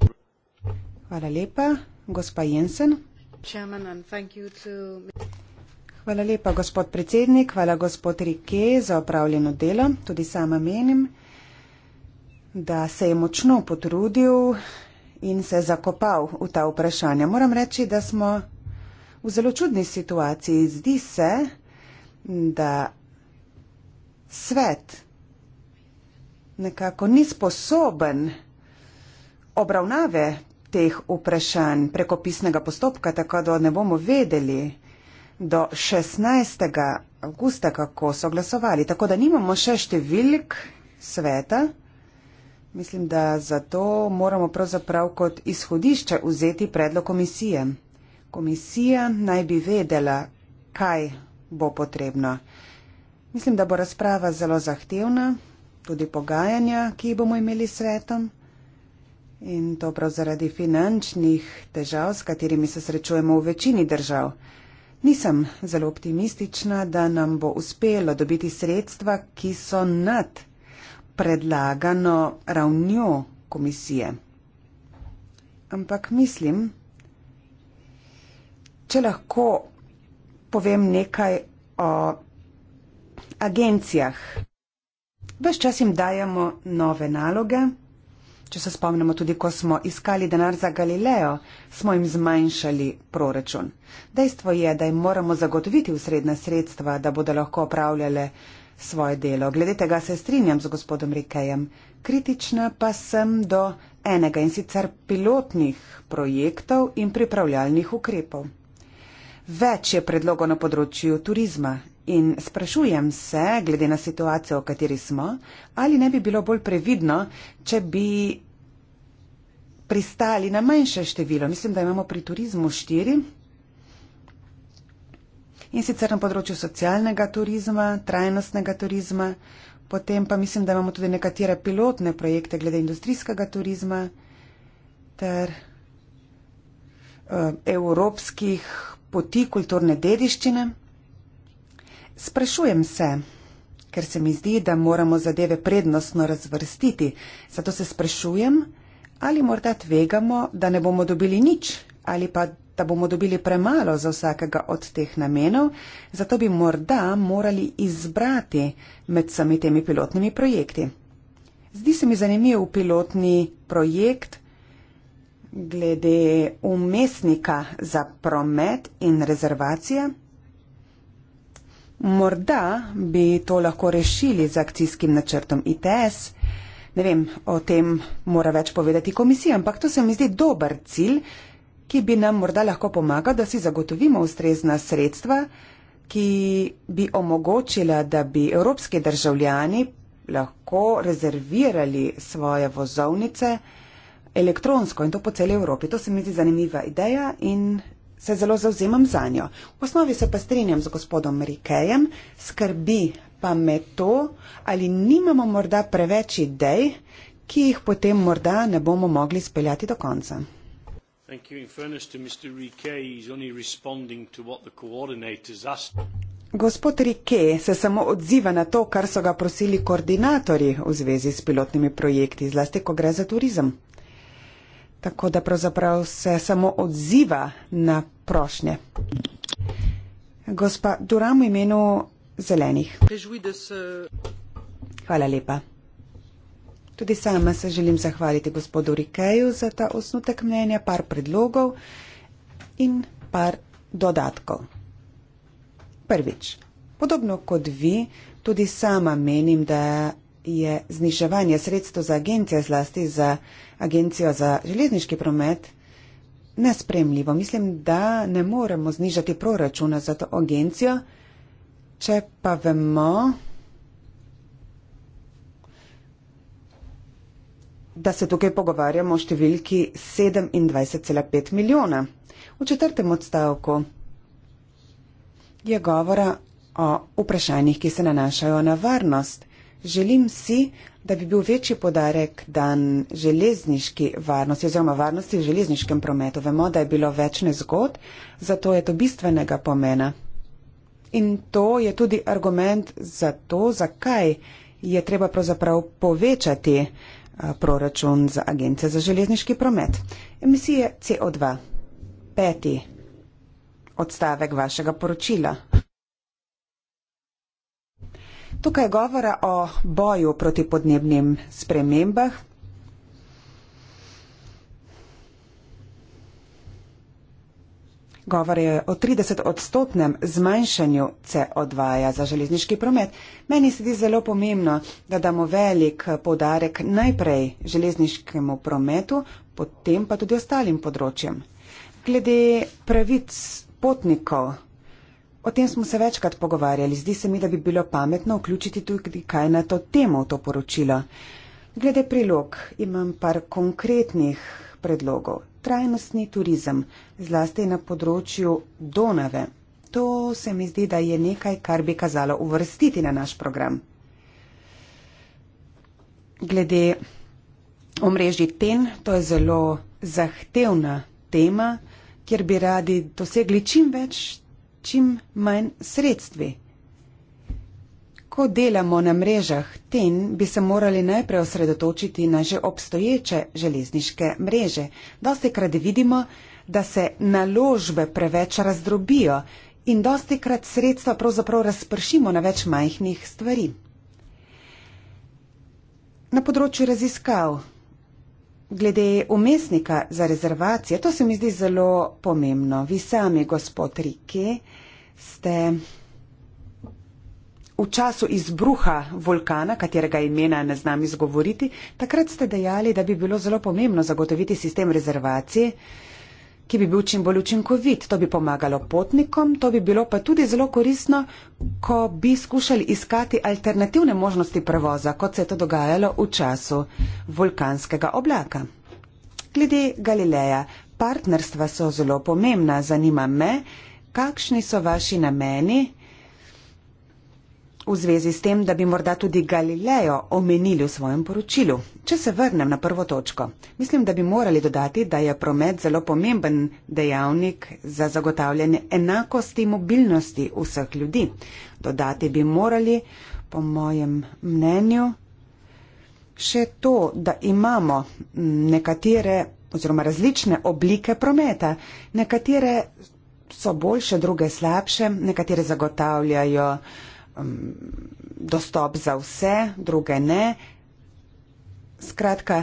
Hvala lepa, gospa Jensen. Hvala lepa, gospod predsednik. Hvala, gospod Rike, za opravljeno delo. Tudi sama menim, da se je močno potrudil in se zakopal v ta vprašanja. Moram reči, da smo v zelo čudni situaciji. Zdi se, da svet nekako ni sposoben obravnave teh vprašanj preko pisnega postopka, tako da ne bomo vedeli do 16. avgusta, kako so glasovali. Tako da nimamo še številk sveta. Mislim, da zato moramo pravzaprav kot izhodišče vzeti predlog komisije. Komisija naj bi vedela, kaj bo potrebno. Mislim, da bo razprava zelo zahtevna, tudi pogajanja, ki jih bomo imeli s svetom. In to prav zaradi finančnih težav, s katerimi se srečujemo v večini držav. Nisem zelo optimistična, da nam bo uspelo dobiti sredstva, ki so nad predlagano ravnjo komisije. Ampak mislim, če lahko povem nekaj o agencijah. Ves čas jim dajemo nove naloge. Če se spomnimo, tudi ko smo iskali denar za Galilejo, smo jim zmanjšali proračun. Dejstvo je, da jim moramo zagotoviti usredna sredstva, da bodo lahko opravljale svoje delo. Glede tega se strinjam z gospodom Rikejem. Kritična pa sem do enega in sicer pilotnih projektov in pripravljalnih ukrepov. Več je predlogov na področju turizma In sprašujem se, glede na situacijo, v kateri smo, ali ne bi bilo bolj previdno, če bi pristali na manjše število. Mislim, da imamo pri turizmu štiri. In sicer na področju socialnega turizma, trajnostnega turizma, potem pa mislim, da imamo tudi nekatere pilotne projekte glede industrijskega turizma ter uh, evropskih poti kulturne dediščine. Sprašujem se, ker se mi zdi, da moramo zadeve prednostno razvrstiti, zato se sprašujem, ali morda tvegamo, da ne bomo dobili nič ali pa da bomo dobili premalo za vsakega od teh namenov, zato bi morda morali izbrati med vsemi temi pilotnimi projekti. Zdi se mi zanimiv pilotni projekt glede umestnika za promet in rezervacije. Morda bi to lahko rešili z akcijskim načrtom ITS. Ne vem, o tem mora več povedati komisija, ampak to se mi zdi dober cilj, ki bi nam morda lahko pomagal, da si zagotovimo ustrezna sredstva, ki bi omogočila, da bi evropski državljani lahko rezervirali svoje vozovnice elektronsko in to po celi Evropi. To se mi zdi zanimiva ideja in se zelo zauzemam za njo. V osnovi se pa strinjam z gospodom Rikejem, skrbi pa me to, ali nimamo morda preveč idej, ki jih potem morda ne bomo mogli speljati do konca. Gospod Rike se samo odziva na to, kar so ga prosili koordinatorji v zvezi s pilotnimi projekti, zlasti ko gre za turizem tako da pravzaprav se samo odziva na prošnje. Gospa Duram v imenu zelenih. Hvala lepa. Tudi sama se želim zahvaliti gospodu Rikeju za ta osnutek mnenja, par predlogov in par dodatkov. Prvič, podobno kot vi, tudi sama menim, da je zniševanje sredstev za agencije, zlasti za agencijo za železniški promet, nespremljivo. Mislim, da ne moremo znižati proračuna za to agencijo, če pa vemo, da se tukaj pogovarjamo o številki 27,5 milijona. V četrtem odstavku je govora o vprašanjih, ki se nanašajo na varnost. Želim si, da bi bil večji podarek dan železniški varnosti oziroma varnosti v železniškem prometu. Vemo, da je bilo več nezgod, zato je to bistvenega pomena. In to je tudi argument za to, zakaj je treba pravzaprav povečati eh, proračun za agencije za železniški promet. Emisije CO2. Peti odstavek vašega poročila. Tukaj je govora o boju proti podnebnim spremembah. Govor je o 30-odstotnem zmanjšanju CO2 -ja za železniški promet. Meni se zdi zelo pomembno, da damo velik podarek najprej železniškemu prometu, potem pa tudi ostalim področjem. Glede pravic potnikov O tem smo se večkrat pogovarjali, zdi se mi, da bi bilo pametno vključiti tudi kaj na to temo v to poročilo. Glede prilog imam par konkretnih predlogov. Trajnostni turizem, zlasti na področju Donave. To se mi zdi, da je nekaj, kar bi kazalo uvrstiti na naš program. Glede omrežji TEN, to je zelo zahtevna tema, kjer bi radi dosegli čim več čim manj sredstvi. Ko delamo na mrežah TEN, bi se morali najprej osredotočiti na že obstoječe železniške mreže. Dosti krat vidimo, da se naložbe preveč razdrobijo in dosti krat sredstva pravzaprav razpršimo na več majhnih stvari. Na področju raziskav, glede umestnika za rezervacije, to se mi zdi zelo pomembno. Vi sami, gospod Rike, ste v času izbruha vulkana, katerega imena ne znam izgovoriti, takrat ste dejali, da bi bilo zelo pomembno zagotoviti sistem rezervacij, ki bi bil čim bolj učinkovit. To bi pomagalo potnikom, to bi bilo pa tudi zelo koristno, ko bi skušali iskati alternativne možnosti prevoza, kot se je to dogajalo v času vulkanskega oblaka. Glede Galileja, partnerstva so zelo pomembna, zanima me, kakšni so vaši nameni v zvezi s tem, da bi morda tudi Galilejo omenili v svojem poročilu. Če se vrnem na prvo točko, mislim, da bi morali dodati, da je promet zelo pomemben dejavnik za zagotavljanje enakosti in mobilnosti vseh ljudi. Dodati bi morali, po mojem mnenju, še to, da imamo nekatere oziroma različne oblike prometa. Nekatere so boljše, druge slabše, nekatere zagotavljajo um, dostop za vse, druge ne. Skratka,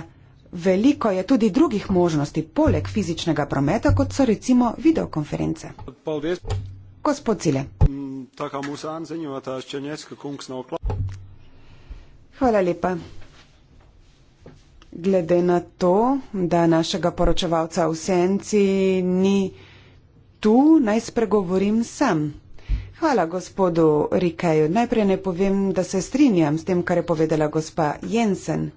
veliko je tudi drugih možnosti poleg fizičnega prometa, kot so recimo videokonference. Gospod Cile. Mm, Hvala lepa. Glede na to, da našega poročevalca v senci ni tu, naj spregovorim sam. Hvala gospodu Rikeju. Najprej ne povem, da se strinjam s tem, kar je povedala gospa Jensen.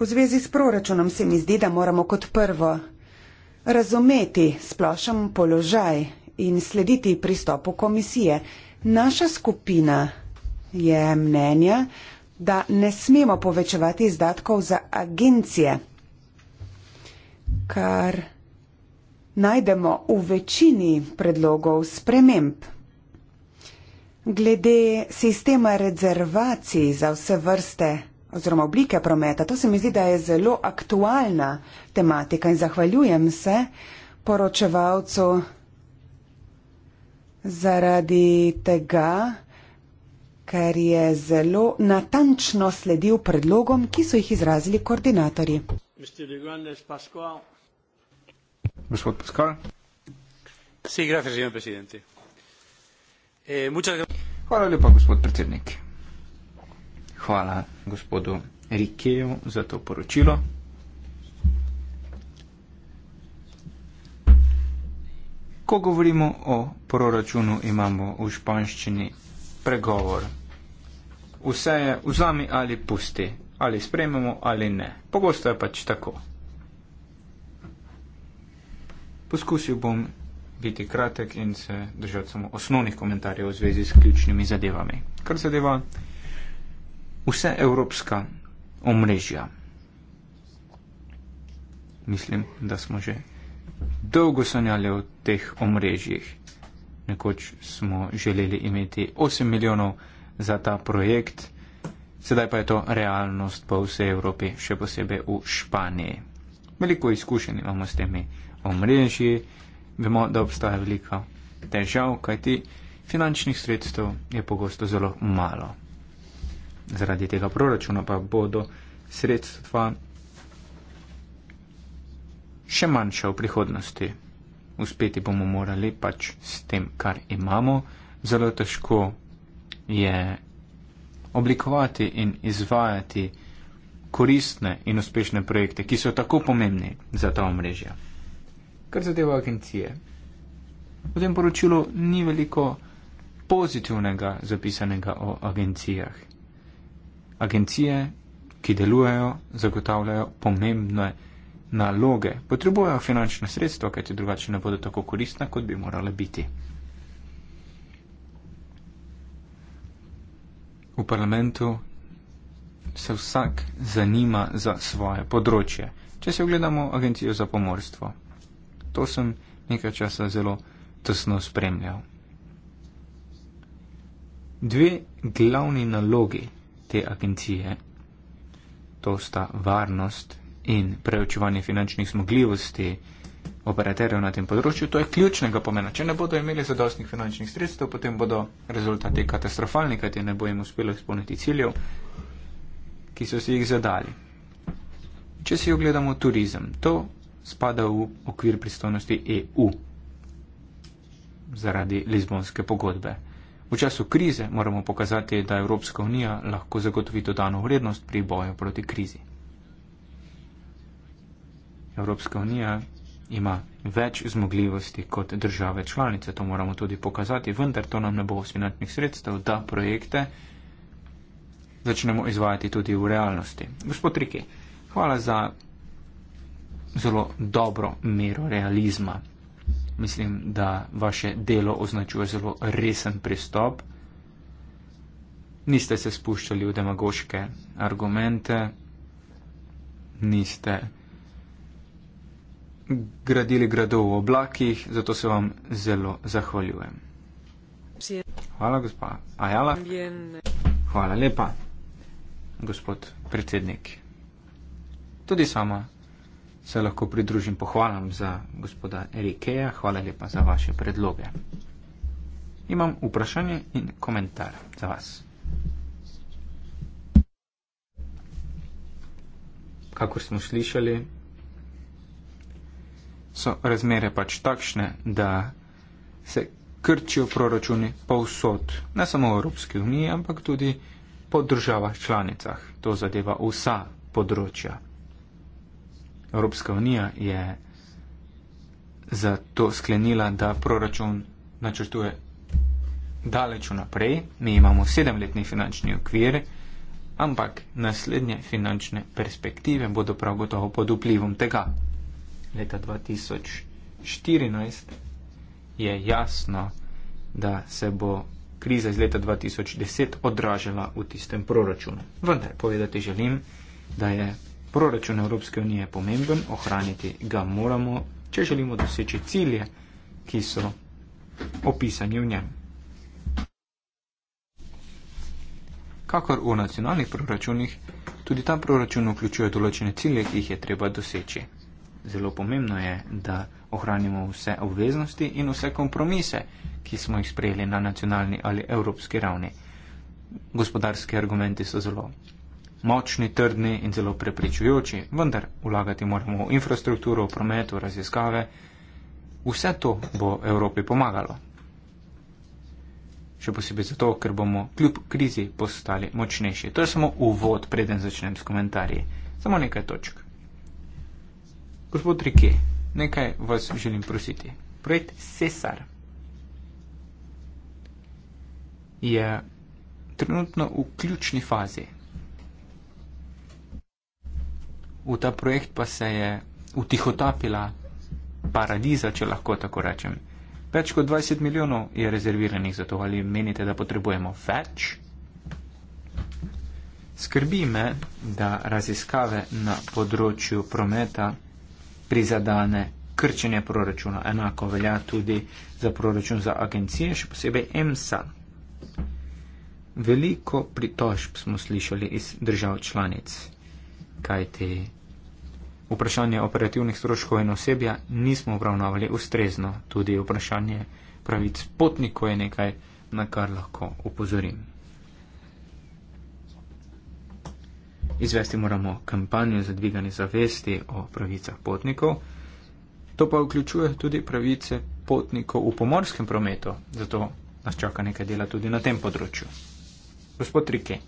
V zvezi s proračunom se mi zdi, da moramo kot prvo razumeti splošen položaj in slediti pristopu komisije. Naša skupina je mnenja, da ne smemo povečevati izdatkov za agencije kar najdemo v večini predlogov sprememb. Glede sistema rezervacij za vse vrste oziroma oblike prometa, to se mi zdi, da je zelo aktualna tematika in zahvaljujem se poročevalcu zaradi tega, ker je zelo natančno sledil predlogom, ki so jih izrazili koordinatorji. Mr. De Grandes Pascual. Mr. Pascual. Sí, gracias, señor presidente. Eh, muchas gracias. Hvala lepa, gospod predsednik. Hvala gospodu Rikeju za to poročilo. Ko govorimo o proračunu, imamo v španščini pregovor. Vse je vzami ali pusti ali sprememo ali ne. Pogosto je pač tako. Poskusil bom biti kratek in se držati samo osnovnih komentarjev v zvezi s ključnimi zadevami. Kar zadeva vse evropska omrežja. Mislim, da smo že dolgo sanjali o teh omrežjih. Nekoč smo želeli imeti 8 milijonov za ta projekt, Sedaj pa je to realnost po vsej Evropi, še posebej v Španiji. Veliko izkušenj imamo s temi omrežji, vemo, da obstaja veliko težav, kajti finančnih sredstev je pogosto zelo malo. Zaradi tega proračuna pa bodo sredstva še manjša v prihodnosti. Uspeti bomo morali pač s tem, kar imamo. Zelo težko je oblikovati in izvajati koristne in uspešne projekte, ki so tako pomembni za ta omrežja. Kar zadeva agencije, v tem poročilu ni veliko pozitivnega zapisanega o agencijah. Agencije, ki delujejo, zagotavljajo pomembne naloge, potrebujejo finančne sredstva, kajti drugače ne bodo tako koristne, kot bi morale biti. v parlamentu se vsak zanima za svoje področje. Če se ogledamo agencijo za pomorstvo, to sem nekaj časa zelo tesno spremljal. Dve glavni nalogi te agencije, to sta varnost in preučevanje finančnih zmogljivosti, operaterjev na tem področju. To je ključnega pomena. Če ne bodo imeli zadostnih finančnih sredstev, potem bodo rezultati katastrofalni, kajti ne bo jim uspelo izpolniti ciljev, ki so si jih zadali. Če si ogledamo turizem, to spada v okvir pristojnosti EU zaradi Lizbonske pogodbe. V času krize moramo pokazati, da Evropska unija lahko zagotovi dodano vrednost pri boju proti krizi. Evropska unija ima več zmogljivosti kot države članice. To moramo tudi pokazati, vendar to nam ne bo osminatnih sredstev, da projekte začnemo izvajati tudi v realnosti. Gospod Riki, hvala za zelo dobro mero realizma. Mislim, da vaše delo označuje zelo resen pristop. Niste se spuščali v demagoške argumente, niste gradili gradov v oblakih, zato se vam zelo zahvaljujem. Hvala, gospa Ajala. Hvala lepa, gospod predsednik. Tudi sama se lahko pridružim pohvalam za gospoda Erikeja. Hvala lepa za vaše predloge. Imam vprašanje in komentar za vas. Kakor smo slišali, so razmere pač takšne, da se krčijo proračuni pa vsod, ne samo v Evropski uniji, ampak tudi po državah članicah. To zadeva vsa področja. Evropska unija je zato sklenila, da proračun načrtuje daleč vnaprej. Mi imamo sedemletni finančni okvir, ampak naslednje finančne perspektive bodo prav gotovo pod vplivom tega leta 2014, je jasno, da se bo kriza iz leta 2010 odražala v tistem proračunu. Vendar povedati želim, da je proračun Evropske unije pomemben, ohraniti ga moramo, če želimo doseči cilje, ki so opisani v njem. Kakor v nacionalnih proračunih, tudi ta proračun vključuje določene cilje, ki jih je treba doseči zelo pomembno je, da ohranimo vse obveznosti in vse kompromise, ki smo jih sprejeli na nacionalni ali evropski ravni. Gospodarski argumenti so zelo močni, trdni in zelo prepričujoči, vendar vlagati moramo v infrastrukturo, v promet, v raziskave. Vse to bo Evropi pomagalo. Še posebej zato, ker bomo kljub krizi postali močnejši. To je samo uvod, preden začnem s komentarji. Samo nekaj točk. Gospod Rike, nekaj vas želim prositi. Projekt Cesar je trenutno v ključni fazi. V ta projekt pa se je utihotapila paradiza, če lahko tako rečem. Več kot 20 milijonov je rezerviranih za to, ali menite, da potrebujemo več? Skrbi me, da raziskave na področju prometa prizadane krčenje proračuna. Enako velja tudi za proračun za agencije, še posebej EMSA. Veliko pritožb smo slišali iz držav članic, kajti vprašanje operativnih stroškov in osebja nismo obravnavali ustrezno. Tudi vprašanje pravic potnikov je nekaj, na kar lahko upozorim. Izvesti moramo kampanjo za dviganje zavesti o pravicah potnikov. To pa vključuje tudi pravice potnikov v pomorskem prometu, zato nas čaka nekaj dela tudi na tem področju. Gospod Rike.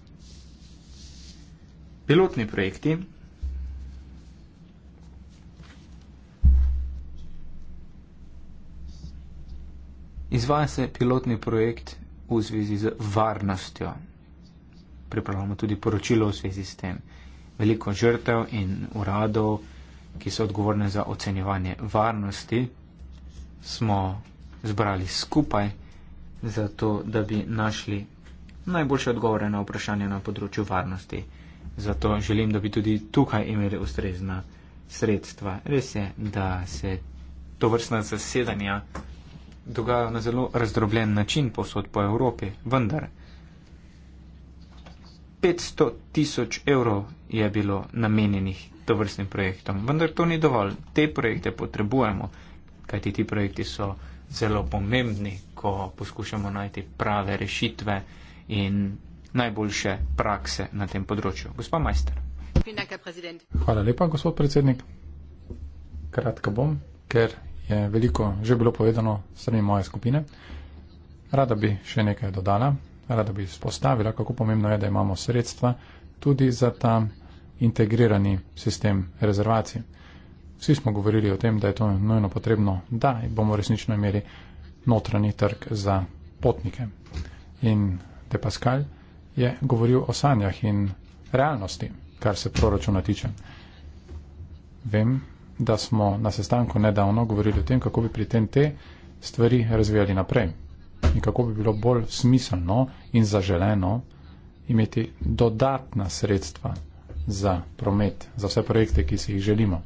Pilotni projekti. Izvaja se pilotni projekt v zvezi z varnostjo pripravljamo tudi poročilo v svezi s tem. Veliko žrtev in uradov, ki so odgovorne za ocenjevanje varnosti, smo zbrali skupaj, zato da bi našli najboljše odgovore na vprašanje na področju varnosti. Zato želim, da bi tudi tukaj imeli ustrezna sredstva. Res je, da se to vrstna zasedanja dogajajo na zelo razdrobljen način posod po Evropi, vendar. 500 tisoč evrov je bilo namenjenih to vrstnim projektom. Vendar to ni dovolj. Te projekte potrebujemo, kajti ti projekti so zelo pomembni, ko poskušamo najti prave rešitve in najboljše prakse na tem področju. Gospod majster. Hvala lepa, gospod predsednik. Kratka bom, ker je veliko že bilo povedano strani moje skupine. Rada bi še nekaj dodala rada bi izpostavila, kako pomembno je, da imamo sredstva tudi za ta integrirani sistem rezervacij. Vsi smo govorili o tem, da je to nujno potrebno, da bomo resnično imeli notranji trg za potnike. In De Pascal je govoril o sanjah in realnosti, kar se proračuna tiče. Vem, da smo na sestanku nedavno govorili o tem, kako bi pri tem te stvari razvijali naprej in kako bi bilo bolj smiselno in zaželeno imeti dodatna sredstva za promet, za vse projekte, ki si jih želimo.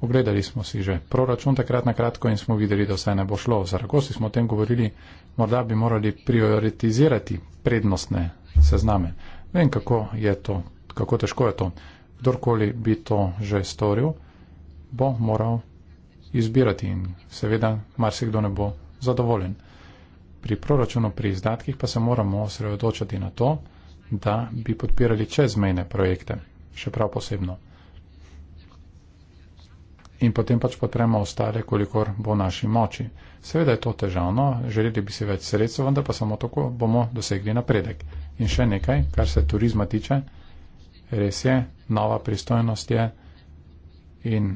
Ogledali smo si že proračun takrat na kratko in smo videli, da vse ne bo šlo. Zarako si smo o tem govorili, morda bi morali prioritizirati prednostne sezname. Vem, kako je to, kako težko je to. Kdorkoli bi to že storil, bo moral izbirati in seveda marsikdo ne bo zadovoljen. Pri proračunu, pri izdatkih pa se moramo osredotočati na to, da bi podpirali čezmejne projekte, še prav posebno. In potem pač potrebujemo ostale, kolikor bo naši moči. Seveda je to težavno, želeli bi si več sredstev, vendar pa samo tako bomo dosegli napredek. In še nekaj, kar se turizma tiče, res je, nova pristojnost je in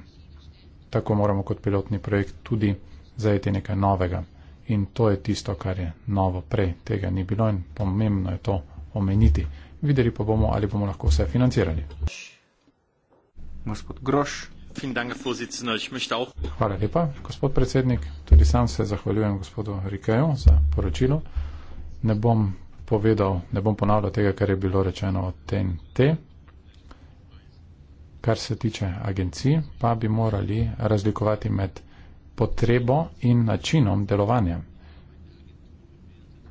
tako moramo kot pilotni projekt tudi zajeti nekaj novega. In to je tisto, kar je novo prej. Tega ni bilo in pomembno je to omeniti. Videli pa bomo, ali bomo lahko vse financirali. Gospod Groš. Hvala lepa, gospod predsednik. Tudi sam se zahvaljujem gospodu Rikeju za poročilo. Ne bom povedal, ne bom ponavljal tega, kar je bilo rečeno od TNT kar se tiče agencij, pa bi morali razlikovati med potrebo in načinom delovanja.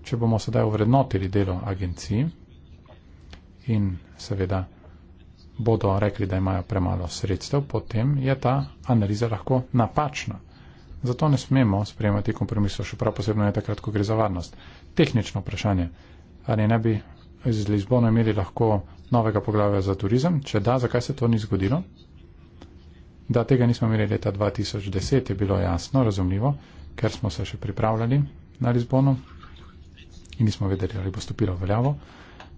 Če bomo sedaj uvrednotili delo agencij in seveda bodo rekli, da imajo premalo sredstev, potem je ta analiza lahko napačna. Zato ne smemo sprejemati kompromisov, še prav posebno je takrat, ko gre za varnost. Tehnično vprašanje, ali ne bi z Lizbono imeli lahko novega poglavja za turizem? Če da, zakaj se to ni zgodilo? Da tega nismo imeli leta 2010, je bilo jasno, razumljivo, ker smo se še pripravljali na Lizbono in nismo vedeli, ali bo stopilo veljavo.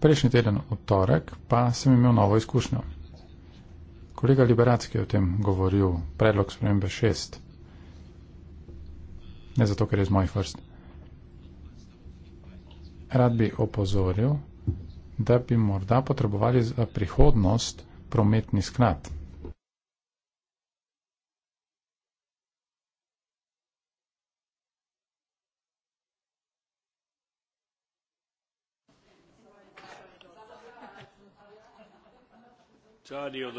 Prejšnji teden v torek pa sem imel novo izkušnjo. Kolega Liberacki je o tem govoril, predlog spremembe 6. Ne zato, ker je z mojih vrst. Rad bi opozoril, da bi morda potrebovali za prihodnost prometni sklad.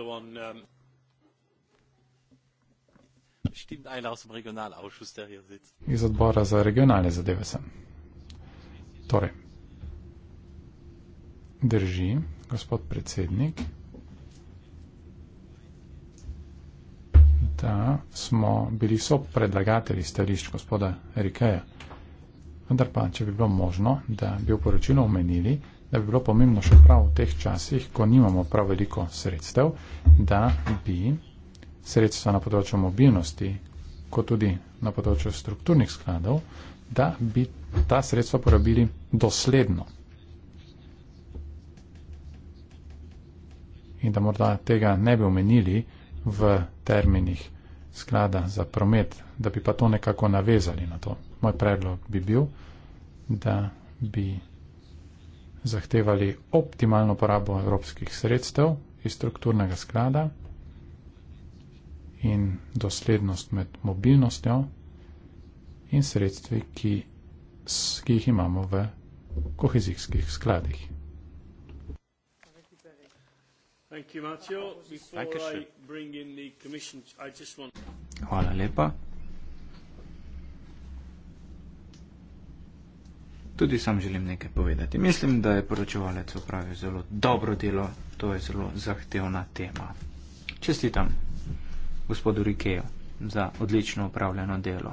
Um, Iz odbora za regionalne zadeve sem. Torej, Drži, gospod predsednik, da smo bili so predlagatelji stališč gospoda Erikeja. Vendar pa, če bi bilo možno, da bi v poročilu omenili, da bi bilo pomembno še prav v teh časih, ko nimamo prav veliko sredstev, da bi sredstva na področju mobilnosti, kot tudi na področju strukturnih skladov, da bi ta sredstva porabili dosledno. in da morda tega ne bi omenili v terminih sklada za promet, da bi pa to nekako navezali na to. Moj predlog bi bil, da bi zahtevali optimalno porabo evropskih sredstev iz strukturnega sklada in doslednost med mobilnostjo in sredstvi, ki, ki jih imamo v kohezijskih skladih. Thank you, Matteo. Thank you, sir. Before I bring in the commission, I just want- Hvala lepa. Tudi sam želim nekaj povedati. Mislim, da je poročevalec opravil zelo dobro delo. To je zelo zahtevna tema. Čestitam gospodu Rikeju za odlično upravljeno delo.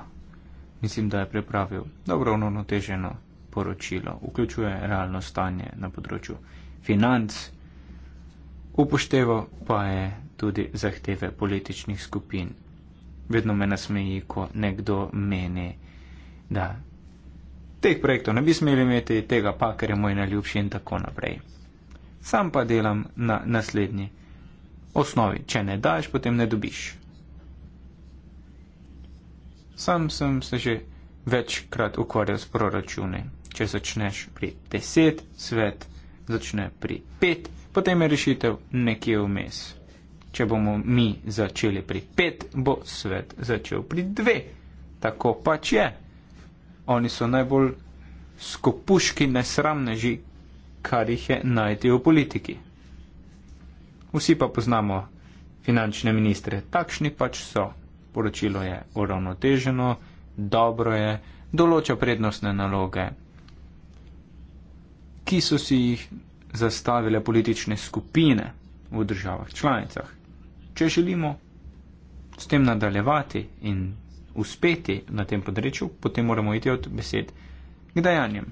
Mislim, da je pripravil dobro unoteženo poročilo. Vključuje realno stanje na področju financ, upošteval pa je tudi zahteve političnih skupin. Vedno me nasmeji, ko nekdo meni, da teh projektov ne bi smeli imeti, tega pa, ker je moj najljubši in tako naprej. Sam pa delam na naslednji osnovi. Če ne daš, potem ne dobiš. Sam sem se že večkrat ukvarjal s proračune. Če začneš pri 10, svet začne pri 5 potem je rešitev nekje vmes. Če bomo mi začeli pri pet, bo svet začel pri dve. Tako pač je. Oni so najbolj skupuški nesramneži, kar jih je najti v politiki. Vsi pa poznamo finančne ministre, takšni pač so. Poročilo je uravnoteženo, dobro je, določa prednostne naloge, ki so si jih zastavile politične skupine v državah članicah. Če želimo s tem nadaljevati in uspeti na tem področju, potem moramo iti od besed k dejanjem.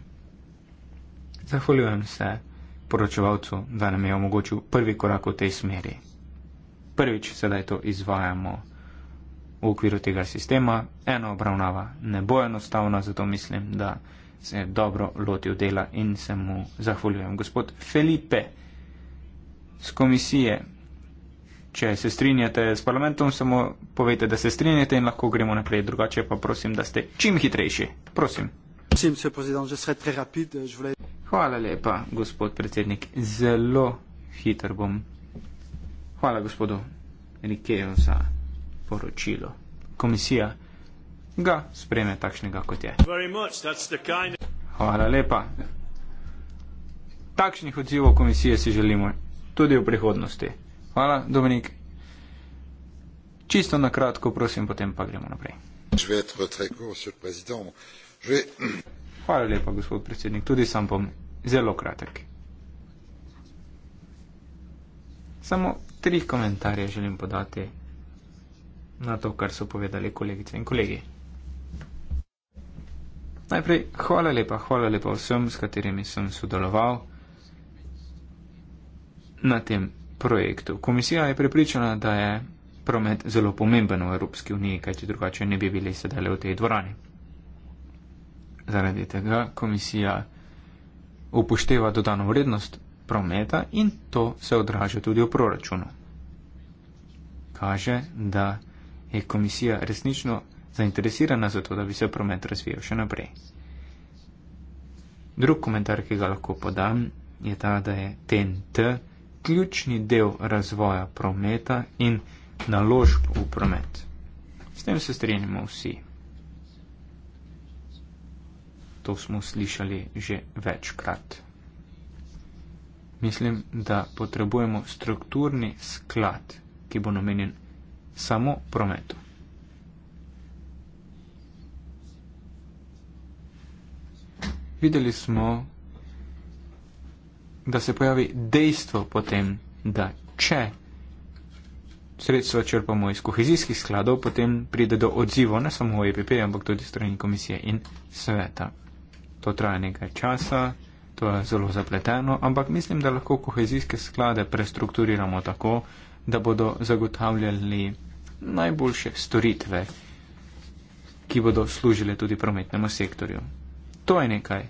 Zahvaljujem se poročevalcu, da nam je omogočil prvi korak v tej smeri. Prvič sedaj to izvajamo v okviru tega sistema. Ena obravnava ne bo enostavna, zato mislim, da se je dobro lotil dela in se mu zahvaljujem. Gospod Felipe z komisije, če se strinjate s parlamentom, samo povejte, da se strinjate in lahko gremo naprej. Drugače pa prosim, da ste čim hitrejši. Prosim. Eh, Hvala lepa, gospod predsednik. Zelo hiter bom. Hvala gospodu Rikeju za poročilo. Komisija ga sprejme takšnega, kot je. Hvala lepa. Takšnih odzivov komisije si želimo tudi v prihodnosti. Hvala, Dominik. Čisto na kratko, prosim, potem pa gremo naprej. Hvala lepa, gospod predsednik. Tudi sam bom zelo kratek. Samo tri komentarje želim podati na to, kar so povedali kolegice in kolegi. Najprej hvala lepa, hvala lepa vsem, s katerimi sem sodeloval na tem projektu. Komisija je prepričana, da je promet zelo pomemben v Evropski uniji, kajti drugače ne bi bili sedeli v tej dvorani. Zaradi tega komisija upošteva dodano vrednost prometa in to se odraža tudi v proračunu. Kaže, da je komisija resnično zainteresirana za to, da bi se promet razvijal še naprej. Drug komentar, ki ga lahko podam, je ta, da je TNT ključni del razvoja prometa in naložb v promet. S tem se strinjamo vsi. To smo slišali že večkrat. Mislim, da potrebujemo strukturni sklad, ki bo namenjen samo prometu. videli smo, da se pojavi dejstvo potem, da če sredstva črpamo iz kohezijskih skladov, potem pride do odzivov ne samo v EPP, ampak tudi strani komisije in sveta. To traja nekaj časa, to je zelo zapleteno, ampak mislim, da lahko kohezijske sklade prestrukturiramo tako, da bodo zagotavljali najboljše storitve, ki bodo služile tudi prometnemu sektorju. To je nekaj,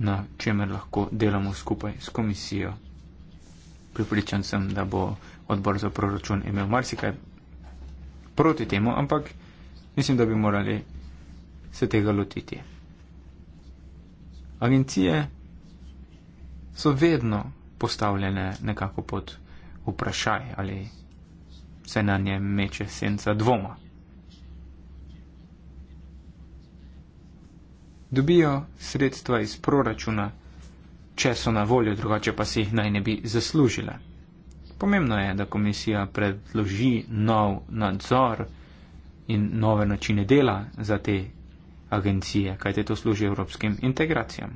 na čemer lahko delamo skupaj s komisijo. Pripričan sem, da bo odbor za proračun imel marsikaj proti temu, ampak mislim, da bi morali se tega lotiti. Agencije so vedno postavljene nekako pod vprašaj ali se na nje meče senca dvoma. dobijo sredstva iz proračuna, če so na voljo, drugače pa si jih naj ne bi zaslužile. Pomembno je, da komisija predloži nov nadzor in nove načine dela za te agencije, kaj te to služi evropskim integracijam.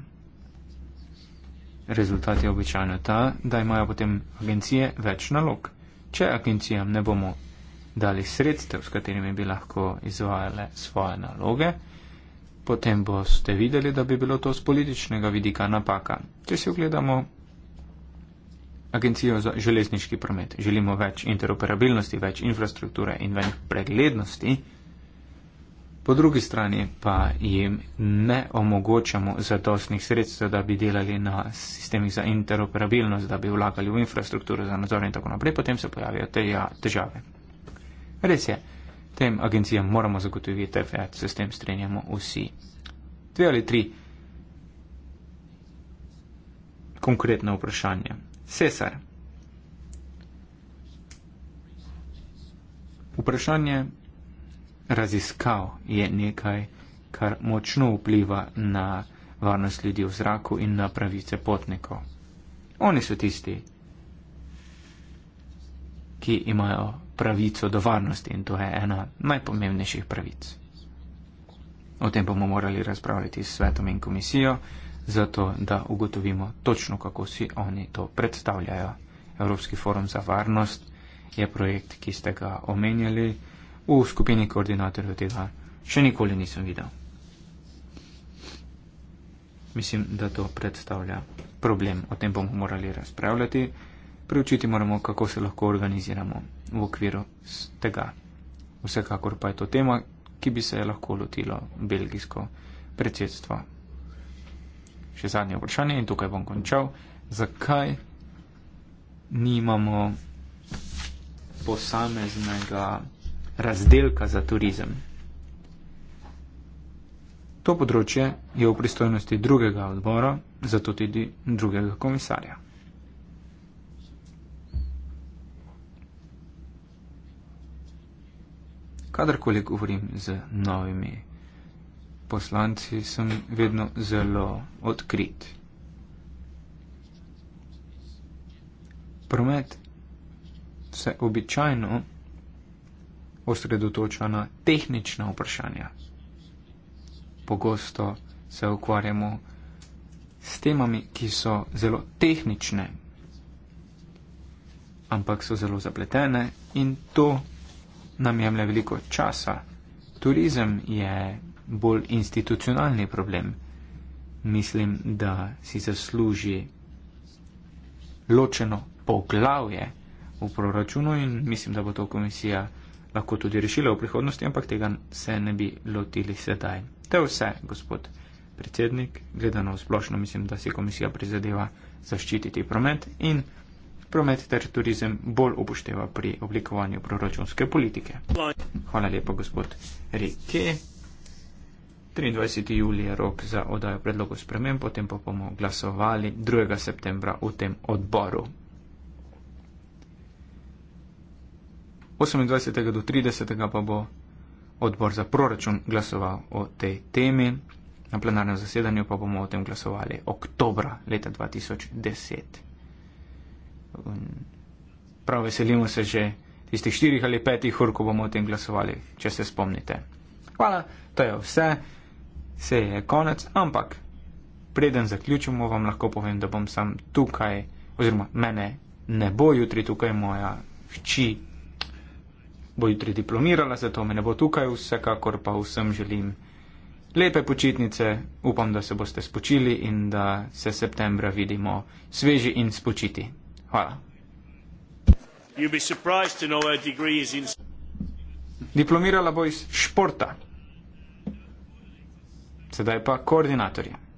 Rezultat je običajno ta, da imajo potem agencije več nalog. Če agencijam ne bomo dali sredstev, s katerimi bi lahko izvajale svoje naloge, potem boste videli, da bi bilo to z političnega vidika napaka. Če si ogledamo Agencijo za železniški promet, želimo več interoperabilnosti, več infrastrukture in več preglednosti, po drugi strani pa jim ne omogočamo zadostnih sredstev, da bi delali na sistemih za interoperabilnost, da bi vlagali v infrastrukturo za nadzor in tako naprej, potem se pojavijo te težave. Res je tem agencijam moramo zagotoviti FEAT, se s tem strenjamo vsi. Dve ali tri konkretne vprašanje. Cesar. Vprašanje raziskav je nekaj, kar močno vpliva na varnost ljudi v zraku in na pravice potnikov. Oni so tisti, ki imajo pravico do varnosti in to je ena najpomembnejših pravic. O tem bomo morali razpravljati s svetom in komisijo, zato da ugotovimo točno, kako si oni to predstavljajo. Evropski forum za varnost je projekt, ki ste ga omenjali v skupini koordinatorjev tega. Še nikoli nisem videl. Mislim, da to predstavlja problem. O tem bomo morali razpravljati. Preučiti moramo, kako se lahko organiziramo v okviru tega. Vsekakor pa je to tema, ki bi se lahko lotilo belgijsko predsedstvo. Še zadnje vprašanje in tukaj bom končal. Zakaj nimamo posameznega razdelka za turizem? To področje je v pristojnosti drugega odbora, zato tudi drugega komisarja. kadarkoli govorim z novimi poslanci, sem vedno zelo odkrit. Promet se običajno osredotoča na tehnična vprašanja. Pogosto se ukvarjamo s temami, ki so zelo tehnične, ampak so zelo zapletene in to nam jemlje veliko časa. Turizem je bolj institucionalni problem. Mislim, da si zasluži ločeno poglavje v proračunu in mislim, da bo to komisija lahko tudi rešila v prihodnosti, ampak tega se ne bi lotili sedaj. To je vse, gospod predsednik. Gledano v splošno mislim, da si komisija prizadeva zaščititi promet in promet ter turizem bolj upošteva pri oblikovanju proračunske politike. Hvala lepa, gospod Rike. 23. julij je rok za odajo predlogov sprememb, potem pa bomo glasovali 2. septembra v tem odboru. 28. do 30. pa bo odbor za proračun glasoval o tej temi, na plenarnem zasedanju pa bomo o tem glasovali oktobra leta 2010. Prav veselimo se že tistih štirih ali petih ur, ko bomo o tem glasovali, če se spomnite. Hvala, to je vse, se je konec, ampak preden zaključimo, vam lahko povem, da bom sam tukaj, oziroma mene ne bo jutri tukaj, moja hči bo jutri diplomirala, zato me ne bo tukaj, vsekakor pa vsem želim lepe počitnice, upam, da se boste spočili in da se septembra vidimo sveži in spočiti. Hvala. Diplomirala bo iz športa. Sedaj pa koordinatorje.